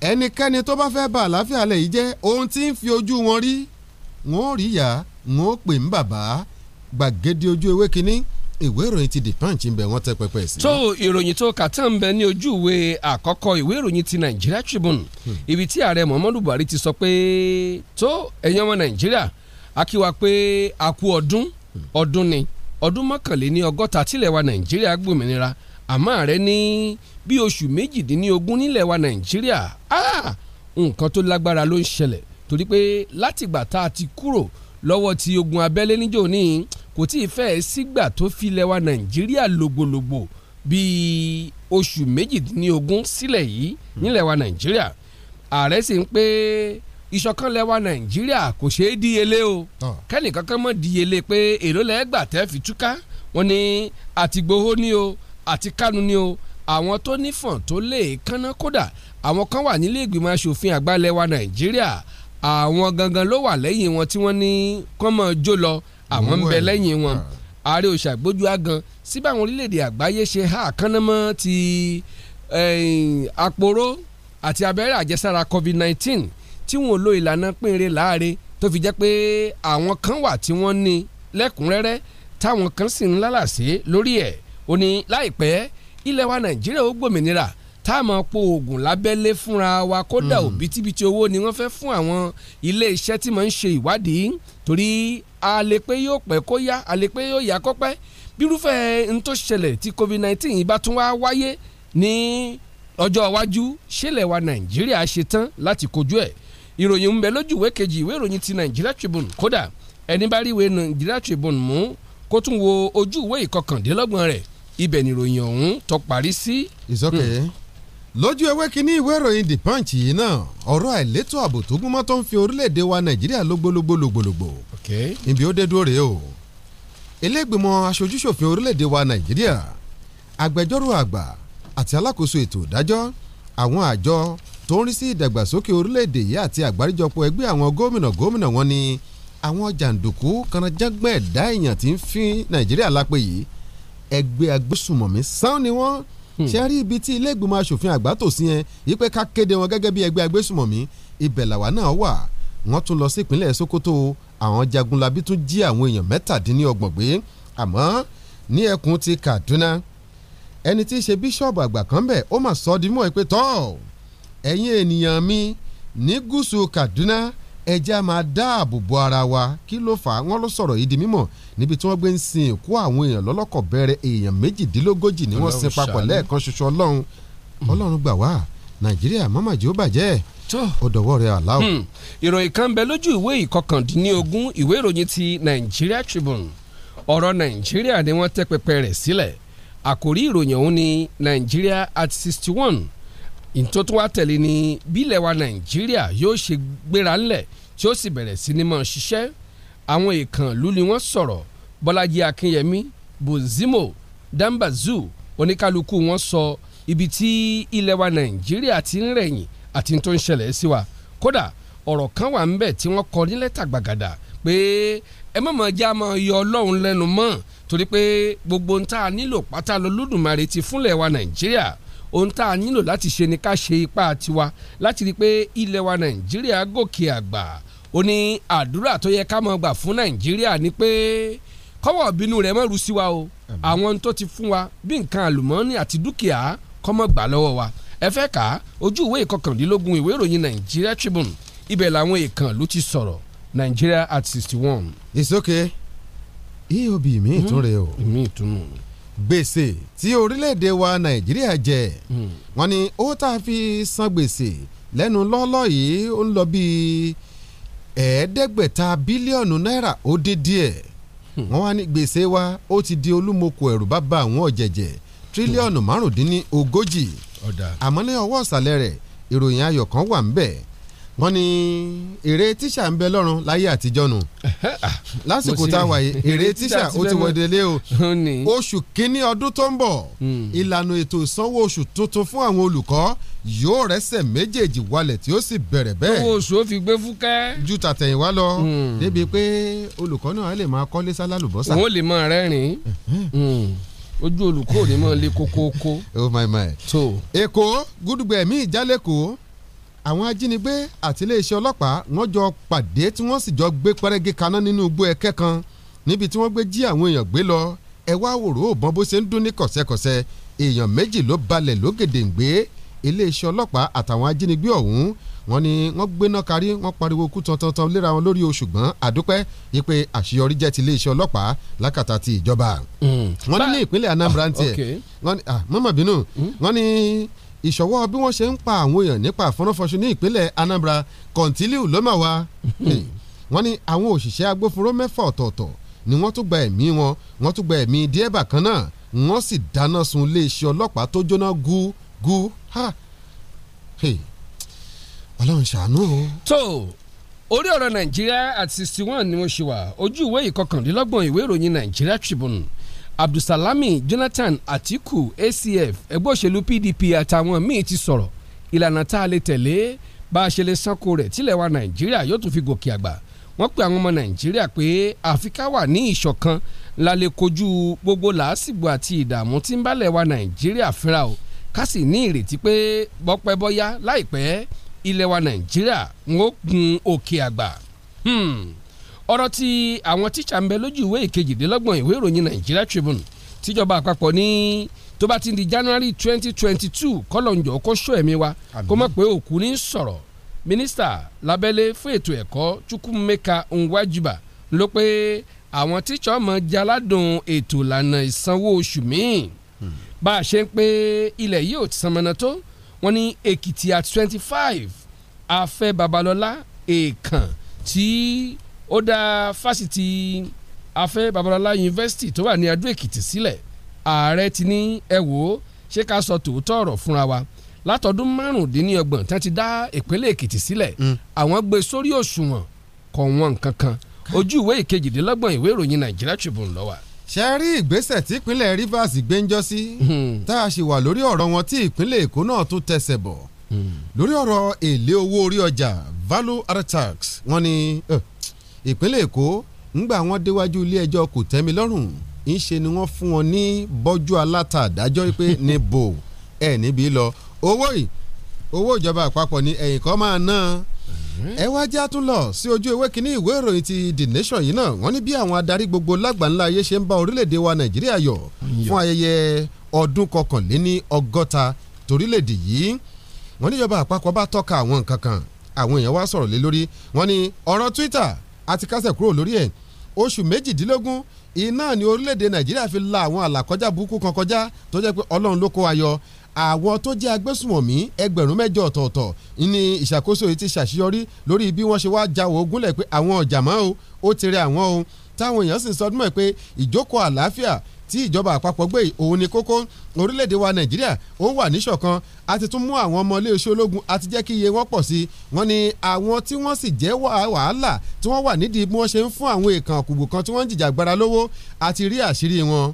ẹnikẹ́ni tó bá fẹ́ bá àlàáfíà lẹ̀ yìí jẹ́ ohun tí ń fi ojú wọn rí wọn ò rí yàá n ó pè ń bàbá gbàgede ojú ewé kínní ìwé ìròyìn ti The Punch ń bẹ wọ́n tẹ́ pẹpẹ sí. tó ìròyìn tó kà tán ń bẹ ní ojú ìwé àkọ́kọ́ ìwé ìròyìn ti Nigeria Tribune hmm. ibi tí ààrẹ Muhammadu Buhari ti sọ pé tó ẹ̀yin ọmọ Nàìjíríà a pé a ọdún hmm. ọdún ni ọdún mọ́kànléní ọgọ́ta tílẹ̀ wa Nàìjíríà gbòmìnira àmọ́ ààrẹ ní bí oṣù méjìdínlógún nílẹ̀ wa Nàìjíríà nǹkan tó lágbára ló ń ṣẹlẹ̀ torí pé látìgbà tá a ti kúrò lọ́wọ́ ti ogun abẹ́lé níjò ní kò tí ì fẹ́ẹ́ sígbà tó fi lẹ́wà nàìjíríà lògbòlògbò bíi oṣù méjìdínlógún sílẹ̀ yìí nílẹ̀ wa nàìjíríà ààrẹ sì ń pé ìṣọ̀kan lẹ́wà nàìjíríà kò ṣeé díyelé o kẹ́nì kankan mọ̀ díyelé pé èrò lẹ́gbà tẹ́ fi túká wọn ni àti Igboho ni o àti Kanu ni o àwọn tó nífọ̀n tó lè kánná kódà àwọn kan wà nílé ìgbìmọ̀ asòfin àgbà lẹ́wà nàìjíríà àwọn gangan ló wà lẹ́yìn wọn tí wọ́n ní kọ́mọ̀ jó lọ àwọn ń bẹ lẹ́yìn wọn ah. ààrẹ òṣàgbójú àgàn síbẹ̀ àwọn orílẹ̀-èdè àgbáyé ṣe há àkànnàmọ́ ti eh, àpòró àti abẹ́rẹ́ àjẹsára covid-19 tí wọ́n lo ìlànà pínrin láàre tó fi jẹ́ pé àwọn kan wà tí wọ́n ní lẹ́kùnrẹ́rẹ́ táwọn kan sì ń lálàsí lórí ẹ̀ ó láìpẹ́ ilẹ̀ wa nàìjíríà ó gbòmìnira táàmọ̀ po oògùn lábẹ́lé fúnra wa kódà hmm. òbítíbitì owó ni wọ́n fẹ́ fún àwọn ilé iṣẹ́ tí mò ń ṣe ìwádìí torí a pé yóò pẹ́ kó yá a pé yóò yá kó pẹ́ bírúfẹ́ n tó ṣẹlẹ̀ tí covid-19 yìí bá tún wá wáyé ní ọjọ́ iwájú ṣẹlẹ̀ wa nàìjíríà ṣe tán láti kojú ẹ̀ ìròyìn ń bẹ lójú ìwé kejì ìwé ìròyìn ti nàìjíríà tribune kódà ẹni bá rí ìwé nàìjíríà tribune mú kó tún wo ojú ìwé ìkọkàndínlọ́gbọ̀n rẹ̀ ibẹ̀ nìròyìn ọ̀hún tó sí. ìsọkè. Okay. Mm lójú ewé kínní ìwé ìròyìn the punch yìí náà ọ̀rọ̀ àìlétò ààbò tó gúnmọ́ tó ń fi orílẹ̀-èdè wa nàìjíríà lógbólógbó lògbòlògbò ibi ó dé dúró rèé o ilégbìmọ̀ aṣojúṣòfin orílẹ̀-èdè wa nàìjíríà agbẹjọ́rò àgbà àti alákòóso ètò ìdájọ́ àwọn àjọ tó ń rí sí ìdàgbàsókè orílẹ̀-èdè yìí àti àgbáríjọpọ̀ ẹgbẹ́ àwọn gómìnà gómìnà wọn ni àwọn jàǹdùkú kanajágbẹ́ ẹ̀dá èèyàn ti ń fi nàìjíríà lápè yìí ẹgbẹ́ agbésùmọ̀mí sáwọn ni wọ́n Hmm. ṣé rí ibi tí ilé ìgbìmọ̀ asòfin àgbà tò sí yẹn yìí pé ká kéde wọn gẹ́gẹ́ bí ẹgbẹ́ agbésùmọ̀mí ibẹ̀ làwa náà wà wọ́n tún lọ sí ìpínlẹ̀ Sokoto àwọn jagunlabí tún jí àwọn èèyàn mẹ́tàdínlọ́gbọ̀n gbé àmọ́ ní ẹkùn ti Kaduna ẹni tí í ṣe bíṣọ̀bù àgbà kan bẹ̀ ó mà sọ ọ́ di ẹ pé tọ́ ẹ̀yin ènìyàn mi ní gúúsù Kaduna ẹjẹ́ a máa dáàbò bo ara wa kí ló fà á wọ́n ló sọ̀rọ̀ yìí di mímọ̀ níbi tí wọ́n gbé ń sin ìkú àwọn èèyàn lọ́lọ́kọ̀ bẹ̀rẹ̀ èèyàn méjìdínlógójì ni wọ́n sin papọ̀ lẹ́ẹ̀kan ṣoṣo ọlọ́run hmm. ọlọ́run gbà wá nàìjíríà mọ́màjì ó bàjẹ́ ọ̀dọ̀wọ́ rẹ̀ aláwọ̀. Hmm. ìròyìn kan bẹ lójú ìwé ìkọkàndínlógún ìwé ìròyìn ti Nigeria Tribune ọ̀rọ̀ nàìjíríà ni wọ́n tẹ́ pẹpẹ rẹ̀ sílẹ̀ àkórí ìròyìn ọ̀hún ni Nigeria at sixty one ìtótó wa tẹ̀lé ni bílẹ̀ wa nàìjíríà yóò ṣe gbéra ńlẹ̀ tí ó sì bẹ̀rẹ̀ sí ni mọ̀ ṣiṣẹ́ àwọn ìkànnlú ni wọ́n sọ̀rọ̀ bọ́lájí akínyẹmí bozimo dambazu oníkálukú wọn sọ ibi tí ilẹ̀ wa nàìjíríà ti ń rẹ̀yìn àti tó ń ṣẹlẹ̀ sí wa kódà ọ̀rọ̀ kan wà ńbẹ̀ tí wọ́n kọ ní lẹ́tà pé ẹ mọ̀ mọ̀ já mọ̀ yọ ọlọ́run lẹ́nu mọ́ torí pé gbogbo ń tá nílò pátá lọ lódùmarè ti fúnlẹ̀ wa nàìjíríà ohun tá a nílò láti ṣe ni ká ṣe ipá tiwa láti rí i pé ilẹ̀ wa nàìjíríà gòkè àgbà ó ní àdúrà tó yẹ ká máa gbà fún nàìjíríà ni pé kọ́wọ́ bínú rẹ̀ má rú sí wa o àwọn tó ti fún wa bí nǹkan àlùmọ́ọ́nì àti dúkìá kó má gbà lọ́wọ́ wa ẹ fẹ́ kà á ojú ìwé ìkọkàndínlógún ìwé ìròyìn Nigeria Tribune ibẹ̀ làwọn èèkàn ló ti sọ̀rọ̀ Nigeria at sixty one. it's okay eob mi ìtún hmm. rẹ o. mi ìtún rẹ o gbèsè tí orílẹ̀-èdè wa nàìjíríà jẹ hmm. wọ́n ní ó tá a fi san gbèsè lẹ́nu lọ́ọ́lọ́ yìí ó ń lọ bíi ẹ̀ẹ́dẹ́gbẹ̀ta bílíọ̀nù náírà ó dé díẹ̀ hmm. wọ́n wá ní gbèsè wa ó ti di olúmọkò ẹ̀rù bàbá àwọn ọ̀jẹ̀jẹ̀ tírílíọ̀nù márùndínlógójì àmọ́ ní ọwọ́ ìsàlẹ̀ rẹ̀ ìròyìn ayọ̀ kan wà ń bẹ̀ wọ́n ní èrè tíṣà ń bẹ lọ́run láyé àtijọ́ nù lásìkò tá a wà yìí èrè tíṣà ó ti wọ̀dẹ̀lé o oṣù kínní ọdún tó ń bọ̀ hmm. ìlànà ètò ìsanwó oṣù tuntun fún àwọn olùkọ́ yóò rẹ́sẹ̀ méjèèjì walẹ̀ tí ó sì bẹ̀rẹ̀ bẹ́ẹ̀. owó oṣù ó fi gbé fúkẹ́. ju tàtẹ̀yìnwá lọ hmm. débi pé olùkọ́ náà lè máa kọ́lé sálálùbọ́sà. òun lè máa rẹ́rìn-ín hmm. ojú olùkọ́ ò ní máa lé kókóókó. oh my my. so èkó gúdùgbẹ̀mí ìjálẹ̀kọ̀ọ́ àwọn ajínigbé àti iléeṣẹ́ ọlọ́pàá wọ́n jọ pàdé tí wọ́n sì jọ gbé pẹ́rẹ́gì kaná nínú igbó ẹ̀kẹ́ kan níbi tí wọ́n gbé jí àwọn èèyàn gbé lọ ẹ wá wòrò òbọ̀n bó ṣe ń dún ní kọ̀sẹ̀kọ̀sẹ̀ èèyàn méjì ló balẹ̀ lógèdèǹgbé iléeṣẹ́ ọlọ́pàá àtàwọn ajínigbé ọ̀hún wọ́n ní wọ́n gbéná kárí wọ́n pariwo kú tantan léra wọn lórí o àdúpẹ́ ipe àṣeyọrí jẹ́ ti iléeṣẹ́ ọlọ́pàá lákàtà ti ìjọba. Hmm. wọ́n ní ní ìpínlẹ̀ Anambra ń tiẹ̀ wọ́n ní mọ́mọ́ bínú hmm. wọ́n ní ìṣọwọ́ bí wọ́n ṣe ń pa àwọn èèyàn nípa àfọ́nàfọ́ṣu ní ìpínlẹ̀ Anambra kọ̀ǹtílíù ló mà wá wọ́n ní àwọn òṣìṣẹ́ agbófinró mẹ́fà ọ̀tọ̀ọ̀tọ̀ ni wọ́n tún gba ẹ̀mí wọn wọ́n tún gba ẹ̀mí díẹ̀ bàkan náà wọ́n sì dáná sun iléeṣẹ́ ọlọ́pàá tó jóná gú gú ọlọ́run ṣàánú o. tó orí ọ̀rọ̀ nàìjíríà at sixty one ni mo ṣe wà ojú ìwé ìkọkànlélọ́gbọ̀n ìwé ìròyìn nàìjíríà Tribune abdulsalami jonathan atiku acf ẹgbẹ́ òṣèlú pdp àtàwọn míì ti sọ̀rọ̀ ìlànà tá a lè tẹ̀lé bá a ṣe lè sanko rẹ̀ tílẹ̀ wa nàìjíríà yóò tún fi gòkè àgbà wọ́n pe àwọn ọmọ nàìjíríà pé àfi wà ní ìṣọ̀kan la lè kojú gbogbo làásìgbò àti ìdààmú tí ń bálẹ̀ wa nàìjíríà fínra o ká sì ní ìrètí pé bọ́pẹ́ bọ́yá láìpẹ́ ilẹ̀ wa nàìjíríà ń gun òkè àgbà. Hmm ọ̀rọ̀ tí àwọn tíṣà ń bẹ lójú ìwé ìkejìdínlọ́gbọ̀n ìwé ìròyìn Nigeria Tribune tíjọba àpapọ̀ ní tó bá ti di January twenty twenty two kọ́lọ̀njọ́ kó sọ ẹ̀mí wa kó mọ̀ pé òkú ní sọ̀rọ̀ mínísítà lábẹ́lé fún ètò ẹ̀kọ́ Chukwumeka Nwajuba ló pé àwọn tíṣà ọmọ jaládùn ètò ìlànà ìsanwó oṣù míì hmm. bá a ṣe ń pé ilẹ̀ yìí ò ti sanmọ́nà tó wọ́n ní Èkìtì at twenty five Afẹ́ Babalọ́lá èèkàn tí ó dá fásitì afẹ́ babalọlá yunifásitì tó wà ní adó èkìtì sílẹ̀ ààrẹ ti ní ẹ wò ó ṣé ká sọ tòótọ́ ọ̀rọ̀ fúnra wa látọdún márùndínlọ́gbọ̀n tí wọ́n ti dá ìpínlẹ̀ èkìtì sílẹ̀ mm. àwọn gbé sórí òṣùwọ̀n kọ̀ wọ́n kankan ojú ìwé ìkejìdínlọ́gbọ̀n ìwé ìròyìn nàìjíríà tribune ló wà ṣe rí ìgbésẹ̀ tí ìpínlẹ̀ Rivers gbé sí hmm. tá a ṣì wà lórí ọ̀rọ̀ wọn tí ìpínlẹ̀ Èkó náà tún tẹsẹ̀ bọ̀ hmm. lórí ọ̀rọ̀ èlé owó orí ọjà value added tax wọ́n ní ìpínlẹ̀ èkó ńgbà wọn déwájú ilé ẹjọ́ kò tẹ́mi lọ́rùn ńṣe ni wọ́n fún wọn ní bọ́jú aláta àdájọ́ pé níbo ẹ̀ níbi lọ owó yìí owó ìjọba àpapọ̀ ni ẹ̀yìn kan máa ná ẹ wá já tún lọ sí ojú ewé kínní ìwé ìròyìn ti the nation yìí náà wọ́n ní bí àwọn adarí gbogbo lágbàńlá ayé ṣe ń bá orílẹ̀-èdè wa nàìjíríà yọ̀ fún ayẹyẹ ọdún kọkànléní ọgọ́ta torílẹ̀-èdè yìí wọ́n níjọba àpapọ̀ bá tọ́ka àwọn nǹkan kan àwọn èèyàn wá sọ̀rọ̀ lé lórí wọ́n ní ọ̀rọ̀ twitter àti kásẹ̀ kúrò lórí ẹ̀ oṣù méjìdínlógún iná ni orílẹ̀-èdè nàìjíríà fi la àwọn àlàkọjá burúkú kan kọjá tó jẹ́ pé ọlọ́run ló kó wa yọ àwọn tó jẹ́ agbésùmọ̀mí ẹgbẹ̀rún mẹ́jọ ọ̀tọ̀ọ̀tọ̀ ní ìṣàkóso yìí ti ṣàṣeyọrí lórí bí wọ́n ṣe wá ja ògúnlẹ̀ pé àwọn ọ̀jàmọ́ o ó ti rẹ àwọn o táwọn èèyàn sì sọdún mọ́ pé ìjókòó àlàáfíà tí ìjọba àpapọ̀ gbé òun ni kókó orílẹ̀-èdè wa nàìjíríà ó wà níṣọ̀kan a ti tún mú àwọn ọmọ iléeṣẹ́ ológun a ti jẹ́ kí iye wọn pọ̀ sí i wọ́n ní àwọn tí wọ́n sì jẹ́ wàhálà tí wọ́n wà nídìí bí wọ́n ṣe ń fún àwọn èèkàn kùgbù kan tí wọ́n ń jìjàgbara lówó a ti rí àṣírí wọn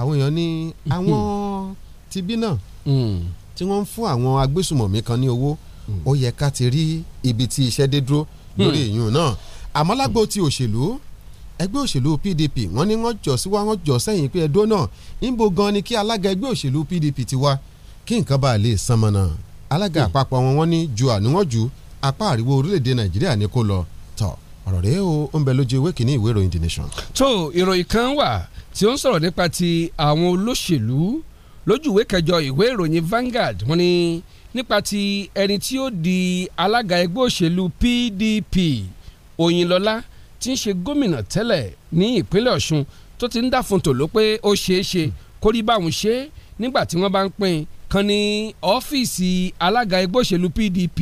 àwọn èèyàn ní àwọn hmm. ti bí náà hmm. tí wọ́n ń fún àwọn agbésùmọ̀mí kan ní owó hmm. ó yẹ ká ti rí ibi tí iṣẹ́ dé dúró lórí èèyàn náà àmọ́ ti òṣèlú ẹgbẹ́ òṣèlú PDP wọ́n ní wọ́n jọ sí wa wọ́n jọ sẹ́yìn pé ẹdó náà níbo gan ni kí alága ẹgbẹ́ òṣèlú PDP ti wá kí nǹkan bá lè san mọ́nà alága hmm. àpapọ̀ wọn wọ́n ní ju àníwọ̀n ju apá àríwó orílẹ̀-èdè Nàìjíríà ní kó lọ tọ̀ ọ̀rọ̀ rẹ̀ ó ń bẹ lójú ewé kìíní ìwé ìròyìn The Nation. tó ìròyìn kan wà tí ó ń sọ̀rọ̀ nípa ti àwọn olóṣèlú lójú ìwé kẹjọ ìwé ìròyìn Vanguard wọ́n ní nípa ti ẹni tí ó di alága ẹgbẹ́ òṣèlú PDP Oyinlọlá tí ń ṣe gómìnà tẹ́lẹ̀ ní ìpínlẹ̀ Ọ̀ṣun tó ti ń dáfuntò ló pé ó ṣeé ṣe kó rí báwọn ṣe nígbà tí wọ́n bá ń pín kan ní ọ́fíìsì alága ẹgbẹ́ òṣèlú PDP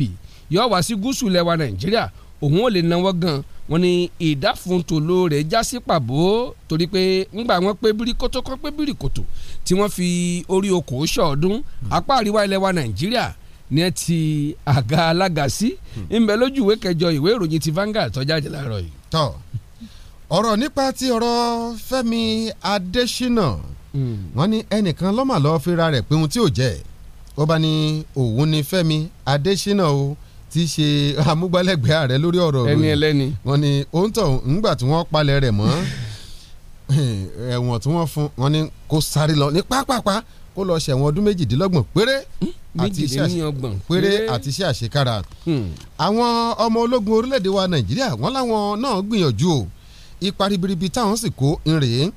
yọ wá sí gúúsù lẹwa Nàìjíríà òun ò lè náwó gan wọ́n ní ìdáfuntòló rẹ̀ já sí pàbó torí pé ńgbà wọ́n pé bíríkótó kan pé bíríkótó tí wọ́n fi orí okòó ṣọ̀ọ́dún hmm. apá àríwá ilẹ̀ wa Nàìjíríà ní ẹ ti àga alága sí hmm. ńbẹ lójú ìwé kẹjọ ìwé ìròyìn ti Vanguard tó jáde láàárọ̀ yìí tọ ọ̀rọ̀ nípa ti ọ̀rọ̀ Fẹ́mi Adésínà hmm. wọ́n ní ẹnìkan lọ́mà lọ́ọ́ fira rẹ̀ pé tí ò jẹ́ ó bá ní òun ni Fẹ́mi Adésínà o ti ṣe amúgbálẹ́gbẹ̀ẹ́ ààrẹ lórí ọ̀rọ̀ rẹ̀ ẹni ẹlẹ́ni wọ́n ní òun tọ̀ ńgbà tí wọ́n palẹ̀ rẹ̀ mọ́ ẹ̀wọ̀n tí wọ́n fún wọn ní kó sáré lọ ní pápápá kó lọ ṣẹ̀wọ̀n ọdún méjìdínlọ́gbọ̀n péré hmm, péré àti iṣẹ́ àṣekára. Hmm. àwọn ọmọ ológun orílẹ̀-èdè wa nàìjíríà wọ́n láwọn náà gbìyànjú o ipa ribiribi táwọn sì kó nrè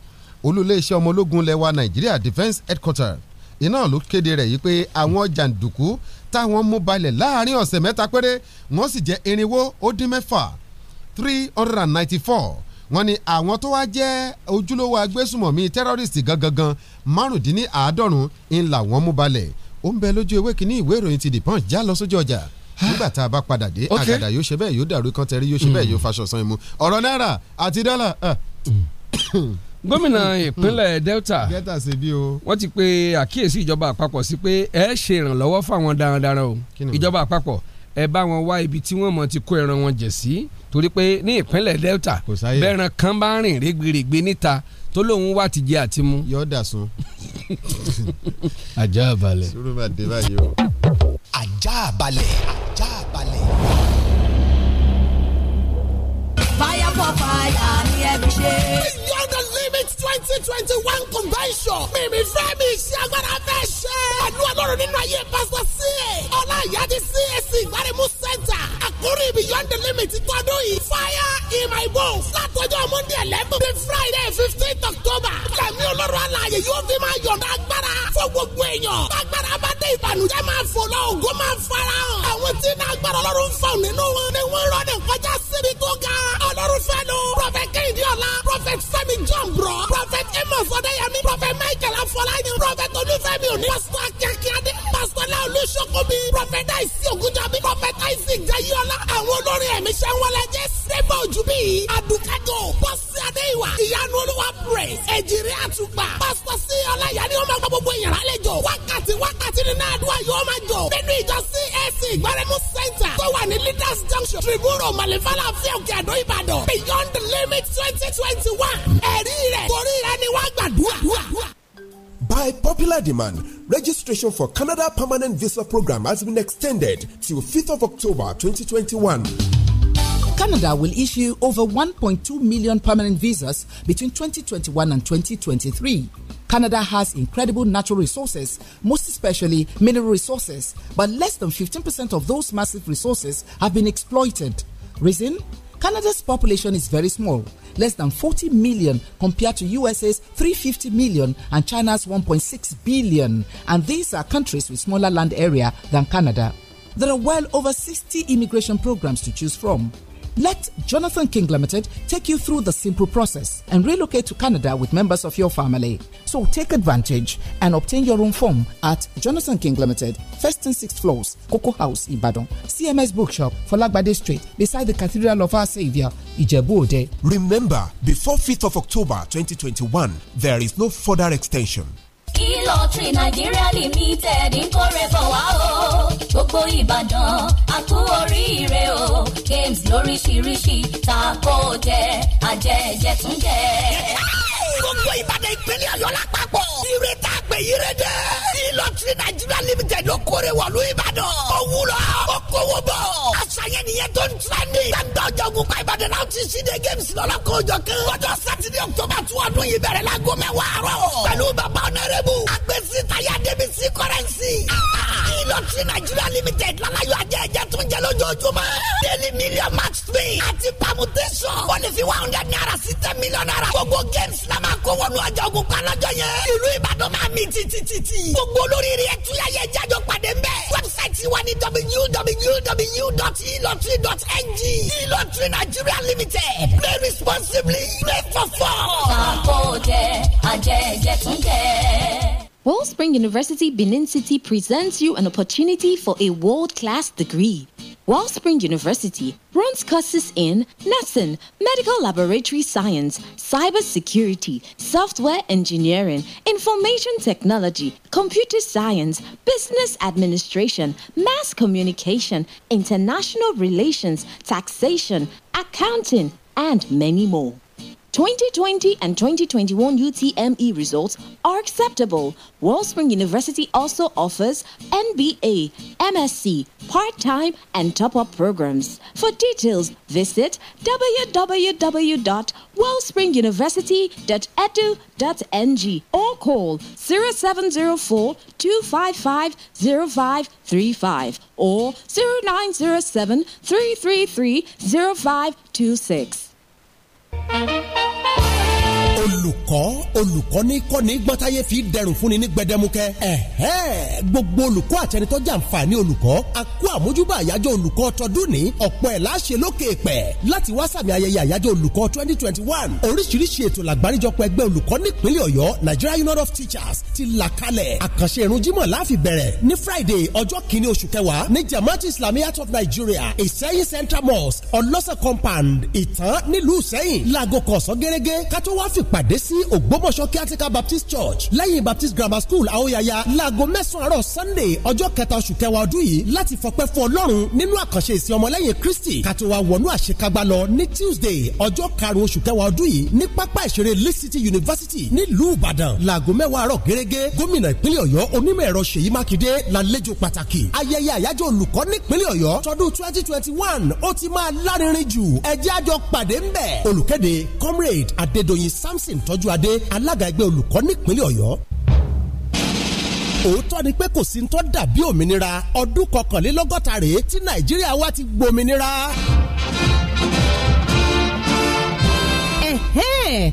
olúléeṣẹ́ ọmọ ológun lẹ̀ wa nàìjíríà defence headquarter iná ló kéde rẹ̀ yìí pé àwọn jàǹdùkú táwọn mú balẹ̀ láàrin ọ̀sẹ̀ mẹ́ta péré wọ́n sì jẹ́ irinwó ó dín mẹ́fà three hundred and ninety-four wọ́n ní àwọn tó wá jẹ́ ojúlówó agbésùmọ̀mí terrorist gangan márùndínláàádọ́rùn ń là wọ́n mú balẹ̀ ó ń bẹ lójú ewé kínní ìwé ìròyìn ti The Punch já lọ sójú ọjà ah. nígbà tá a bá padà dé àgàdà yóò ṣe bẹ́ẹ̀ yóò dàrú kan yóò ṣe bẹ́ẹ̀ hmm. yóò faṣọ san imú ọ̀rọ̀ náírà àti dọ́là. Ah. gómìnà ìpínlẹ̀ hmm. Delta wọ́n ti pe àkíyèsí ìjọba àpapọ̀ sí pé ẹ ṣe ìrànlọ́wọ́ fáwọn darandaran o ìjọba àpapọ̀ ẹ bá wọn wá ibi tí wọ́n mọ̀ ti kó ẹran wọn jẹ̀ sí torí pé ní ìpínlẹ̀ Delta bẹ́ẹ̀ràn kan bá rìn rẹ́gbẹ̀rẹ́gbẹ́ níta tó lóun wá ti jẹ àti mu. yọ dà sun. ajá balẹ̀. sùúrù máa dé báyìí o. ajá balẹ̀ ajá balẹ̀. fire for fire ni ẹ fi ṣe. beyond the limit twenty twenty one convention mímí fẹ́ ṣe agbára fẹ́ ṣe. pẹ̀lú ọlọ́run nínú ayé pásítọ̀ sí ẹ̀ ọlá ìyá di CAC ìgbàrimú center àkórí beyond the limit tọdún yìí. fire in my bones. látọjọ́ monday eleven bíi friday fifteen october. lẹ́mí ọlọ́run alààyè yóò fi máa yọ̀ǹda agbára fún gbogbo èèyàn. agbára bá dé ìbànújẹ́ máa fò lọ ògo máa fara hàn. àwọn tí iná agbára ọlọ́run ń fọ̀ nínú wọn. ni wọ́n rọ́ ní kọjá síbi tó ga. ọlọ́run fẹ́ lò. prophet kehinde ọ̀la. prophet fẹ́mi john bro. prophet amos ọ̀dẹ́yẹmí. prophet michael afọláyàn. prophet olúfẹ́mi òní. pásítọ̀ akíákíá d Bọ́lá Olúṣokòbí. Prọfẹ̀tà Ìsí Ògúnjọ́bí. Prọfẹ̀tà Ìsí Jẹ́yọ́lá. Àwọn olórin ẹ̀mí ṣẹ́ wọlé jẹ́ Sẹ́bà Òjúbí. Àdùkájọ. Bọ́sì Adéìwà. Ìyanu Olúwa Press. Ẹ̀jìrì Àtùpà. Pásítọ̀ sí Ọláyà ni ó máa gba gbogbo ìyàrá àlejò. Wákàtí wákàtí nínú àdúrà yóò máa jọ. Nínú ìjọ CAC Ìgbáremú Center tó wà ní Leaders Junction. Tribúrò Màlẹ́fàlà fi òkè àdó Ìbàdàn. Beyond the limit twenty twenty one. Ẹ̀rí rẹ̀ torí rẹ̀ ni wọ́n gbàdúrà. By popular demand, registration for Canada Permanent Visa Program has been extended till 5th of October 2021. Canada will issue over 1.2 million permanent visas between 2021 and 2023. Canada has incredible natural resources, most especially mineral resources, but less than 15% of those massive resources have been exploited. Reason? Canada's population is very small, less than 40 million compared to USA's 350 million and China's 1.6 billion, and these are countries with smaller land area than Canada. There are well over 60 immigration programs to choose from. Let Jonathan King Limited take you through the simple process and relocate to Canada with members of your family. So take advantage and obtain your own form at Jonathan King Limited, first and sixth floors, Coco House, Ibadan, CMS Bookshop, Folagbade Street, beside the Cathedral of Our Savior, Ijebu Ode. Remember, before 5th of October 2021, there is no further extension e-lottery Nigeria limited ń kórè bọ̀ wá o. gbogbo Ìbàdàn a kú oríire o. games lóríṣiríṣi ta kó jẹ àjẹjẹ tún jẹ. gbogbo Ìbàdàn ìpínlẹ̀ Ọ̀yọ́ lápapọ̀. ire tá a pè yire dẹ. e-lottery Nigeria limited ló kórè wọ̀lú Ìbàdàn. ó wúlò ó kówó bọ̀ ṣàyẹn nìyẹn tó ń tura ní. gbàgbọ́ ọjọ́gun pa ìbàdàn náà ti ṣíde games lọ́lọ́kọ̀ òjò kan. lọ́jọ́ sátidé ọ̀tọ́bà tún ọdún yìí bẹ̀rẹ̀ láago mẹ́wàá rọ̀. pẹ̀lú bàbá ọ̀nàrẹ́bù àgbèsí táyà débi sí kọ́rẹ́nsì. ìlọtí nàìjíríà limited lálàyò ajẹ́ ẹ̀jẹ̀ tó ń jẹ lójoojúmọ́. daily million max pay àti permutation. wọ́n lè fi one hundred naira sí ten million naira. gbogbo games la máa kó wọnú ọjọ́ ogun pa lọ́jọ́ yẹn. ìlú ìbàdàn máa mi titititi. gbogbo olóríire ẹ̀túnyàyẹ jájọ pàdé ń bẹ̀. wẹ́bsáìtì wa ni www elotry.ng elotry nigeria limited play responsibly play for fun. Wellspring University Benin City presents you an opportunity for a world class degree. Wellspring University runs courses in nursing, medical laboratory science, cybersecurity, software engineering, information technology, computer science, business administration, mass communication, international relations, taxation, accounting, and many more. 2020 and 2021 UTME results are acceptable. Wellspring University also offers MBA, MSc, part-time and top-up programs. For details, visit www.wellspringuniversity.edu.ng or call 0704-255-0535 or 0907-333-0526. Música olùkọ́ olùkọ́ ní kọ́ni gbọ́táyé fi dẹrùn ni ní gbẹdẹmukẹ. ẹ̀hẹ́ gbogbo olùkọ́ àtẹnitọ́ jàǹfààní olùkọ́ a kó àmójúbà àyájọ́ olùkọ́ tọdún ní ọ̀pọ̀ ẹ̀ láṣẹ lókè pẹ̀ láti wá sàmì ayẹyẹ àyájọ́ olùkọ́ twenty twenty one oríṣiríṣi ètò làgbáríjọpọ̀ ẹgbẹ́ olùkọ́ nípínlẹ̀ ọ̀yọ́ Nigeria Union of Teachers ti là kalẹ̀ àkànṣe ìrun jímọ̀ láàfi bẹ̀rẹ̀ ní Friday ọjọ́ kìíní oṣù kẹwàá ní Jamaat Islamiyat of Nigeria Ìsẹ́yìn Central Mosque ọlọ́sẹ̀ compound ìtàn nílùú Ìsẹ́yìn láago kọ̀ọ̀sán gẹ́gẹ́ ká tó wá fìp pàdé sí Ògbómọ̀ṣọ́ kíátíkà Baptist Church lẹ́yìn Baptist Grammar School Aóyaya láago mẹ́sàn-án àárọ̀ Sunday ọjọ́ kẹta oṣù kẹwàá ọdún yìí láti fọpẹ́ fún Ọlọ́run nínú àkànṣe ìsìn ọmọlẹ́yìn Kristi kàtó wa wọnú àṣekágbá lọ ní Tuesday ọjọ́ karùn-ún oṣù kẹwàá ọdún yìí ní pápá ìṣeré Lee City University nílùú Ìbàdàn láago mẹ́wàá àárọ̀ gẹ́gẹ́ gómìnà ìpínlẹ̀ Ọ̀yọ́ onímọ̀ ẹ̀rọ Ṣèyí Mákindé lálejò pàtàkì ayẹyẹ àyájọ́ olùkọ́ nípínlẹ̀ Ọ̀yọ́ tọdún twenty twenty one ó ti máa lárinrin jù ẹjẹ́ àjọ pàdé comrade Adédoyin Sam Samson tọ́jú adé alága ẹgbẹ́ olùkọ́ nípínlẹ̀ Ọ̀yọ́ òótọ́ ni pé kò sí ní tó dàbí òmìnira ọdún kọkànlélọ́gọ́ta rèé tí Nàìjíríà wá ti gbòmìnira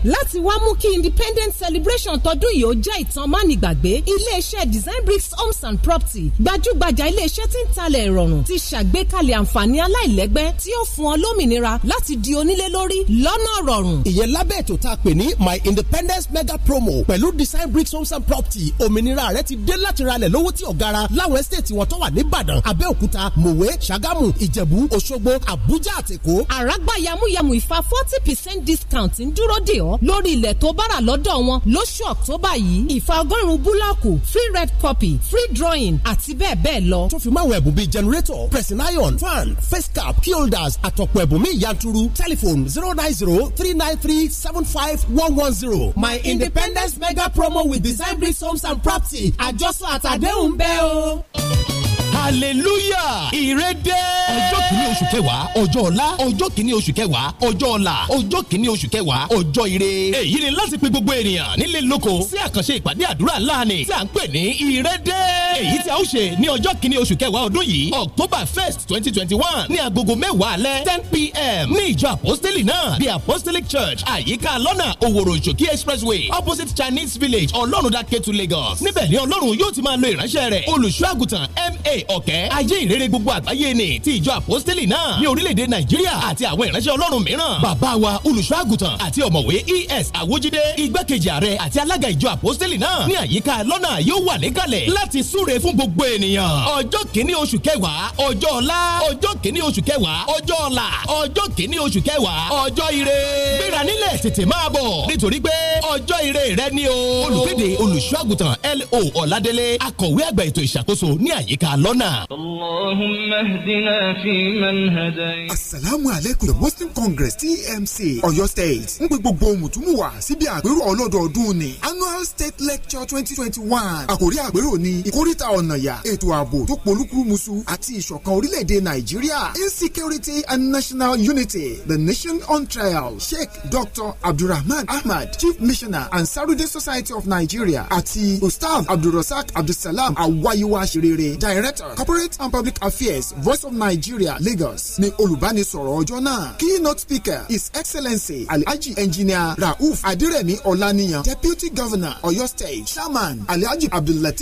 láti wá mú kí independent celebration tọdún yìí ó jẹ́ ìtàn mánigbàgbé iléeṣẹ́ design bricks homes and property gbajúgbajà iléeṣẹ́ tí ń talẹ̀ ìrọ̀rùn ti ṣàgbékalẹ̀ àǹfààní aláìlẹ́gbẹ́ tí ó fún ọ lómìnira láti di onílé lórí lọ́nà rọrùn. ìyẹn lábẹ́ ètò tá a pè ní my independence mega promo pẹ̀lú design bricks homes and property òmìnira rẹ ti dé láti ralẹ̀ lówó tí ọ̀gara láwọn ẹ́sítéètì wọn tó wà níbàdàn abẹ́òkúta mòwe ṣàgámù ìjẹ̀bú òṣogbo àbújá àtèkó. àràgbá yamuyamu ìfa forty percent discount tí ń dúró dè ọ́ lórí ilẹ̀ tó bára lọ́dọ̀ wọn lóṣù ọ̀tọ́bà yìí ìfà ọgọ́rùn-ún búlọ́ọ̀kù free red copy free drawing àti bẹ́ẹ̀ bẹ́ẹ̀ lọ. tó fi máa ẹ̀bùn bíi generator pressing iron fan face cap key holders àtọ̀pọ̀ ẹ̀bùn mi yanturu telephone zero nine zero three nine three seven five one one zero. my independence mega promo with design bricks homes and property àjọsọ àtàdéhùn bẹ́ẹ̀ o hallelujah ìrẹ́dẹ́. ọjọ́ kìíní oṣù kẹwàá ọjọ́ ọ̀la ọjọ́ kìíní oṣù kẹwàá ọjọ́ ọ̀la ọjọ́ kìíní oṣù kẹwàá ọjọ́ ire. èyí ni láti pe gbogbo ènìyàn nílé lóko sí àkànṣe ìpàdé àdúrà láàánì tí à ń pè ní ìrẹ́dẹ́. èyí tí a ó ṣe ní ọjọ́ kìíní oṣù kẹwàá ọdún yìí october first twenty twenty one ní agogo mẹ́wàá alẹ́ ten pm ní ìjọ apostoli náà the apostolic church àyíká lọ́nà òwòrò ìṣòkí expressway opposite chinese village ọlọ́run to lagos níbẹ̀ ni ọlọ́run yóò ti máa lo ìránṣẹ́ rẹ̀ olùṣọ́ àgùntàn ma ọ̀kẹ́ ayé ìrere gbogbo àgbáyé ni ti ìjọ àpọ́stélì náà ní orílẹ̀-èdè nàìjíríà àti àwọn ìránṣẹ́ ọlọ́run mìíràn bàbá wa olùṣọ́ àgùntàn àti ọ̀mọ̀wé es awójídé igbákejì ààrẹ àti alága ìjọ àpọ́stélì náà ní àyíká lọ́nà yóò wà níkàlẹ̀ láti súre fún gbogbo ènìyàn ọjọ́ kìíní oṣù kẹwàá ọjọ́ ọ̀la ọjọ́ kìíní oṣù kẹwàá ọjọ́ ọ̀la ọjọ́ kìíní oṣù kẹwàá ọjọ́ ire gbéra nílẹ̀ tètè máa bọ̀ nítorí pé ọjọ́ ire rẹ ni o olùkéde olùṣọ́ àgùntàn lo ọ̀ládélé akọ̀wé àgbà ètò ìṣàkóso ní àyíká lọ́nà lọ́nà. Allahumma ihdina fi man hadayt. Asalaamu alaykum the Muslim Congress TMC Ọ̀yọ́ State ń pe gbogbo mùtúmùwà síbi àpérò ọlọ́dọọdún ni Annual State Lecture twenty twenty one àkórí àpérò ni ìkórìtà ọ̀nà yà ètò ààbò tó polúkúrúmuṣu àti ìṣọ̀kan orílẹ̀-èdè Nàìjíríà Insecurity and National Unity The Nation on Trial Sheikh Dr. Abdulrahman Ahmad Chief Missioner and Saturday Society of Nigeria àti Ustaz Abdulrasaq Abdulsalam Awayiwa Ṣerere Director corporate and public affairs voice of nigeria lagos ni olùbánisọ̀rọ̀ ọjọ́ náà keynote speaker his excellency alhaji engineer rauf adiremi Olaniyan, deputy governor ọ̀yọ́ state chairman alhaji abdullahi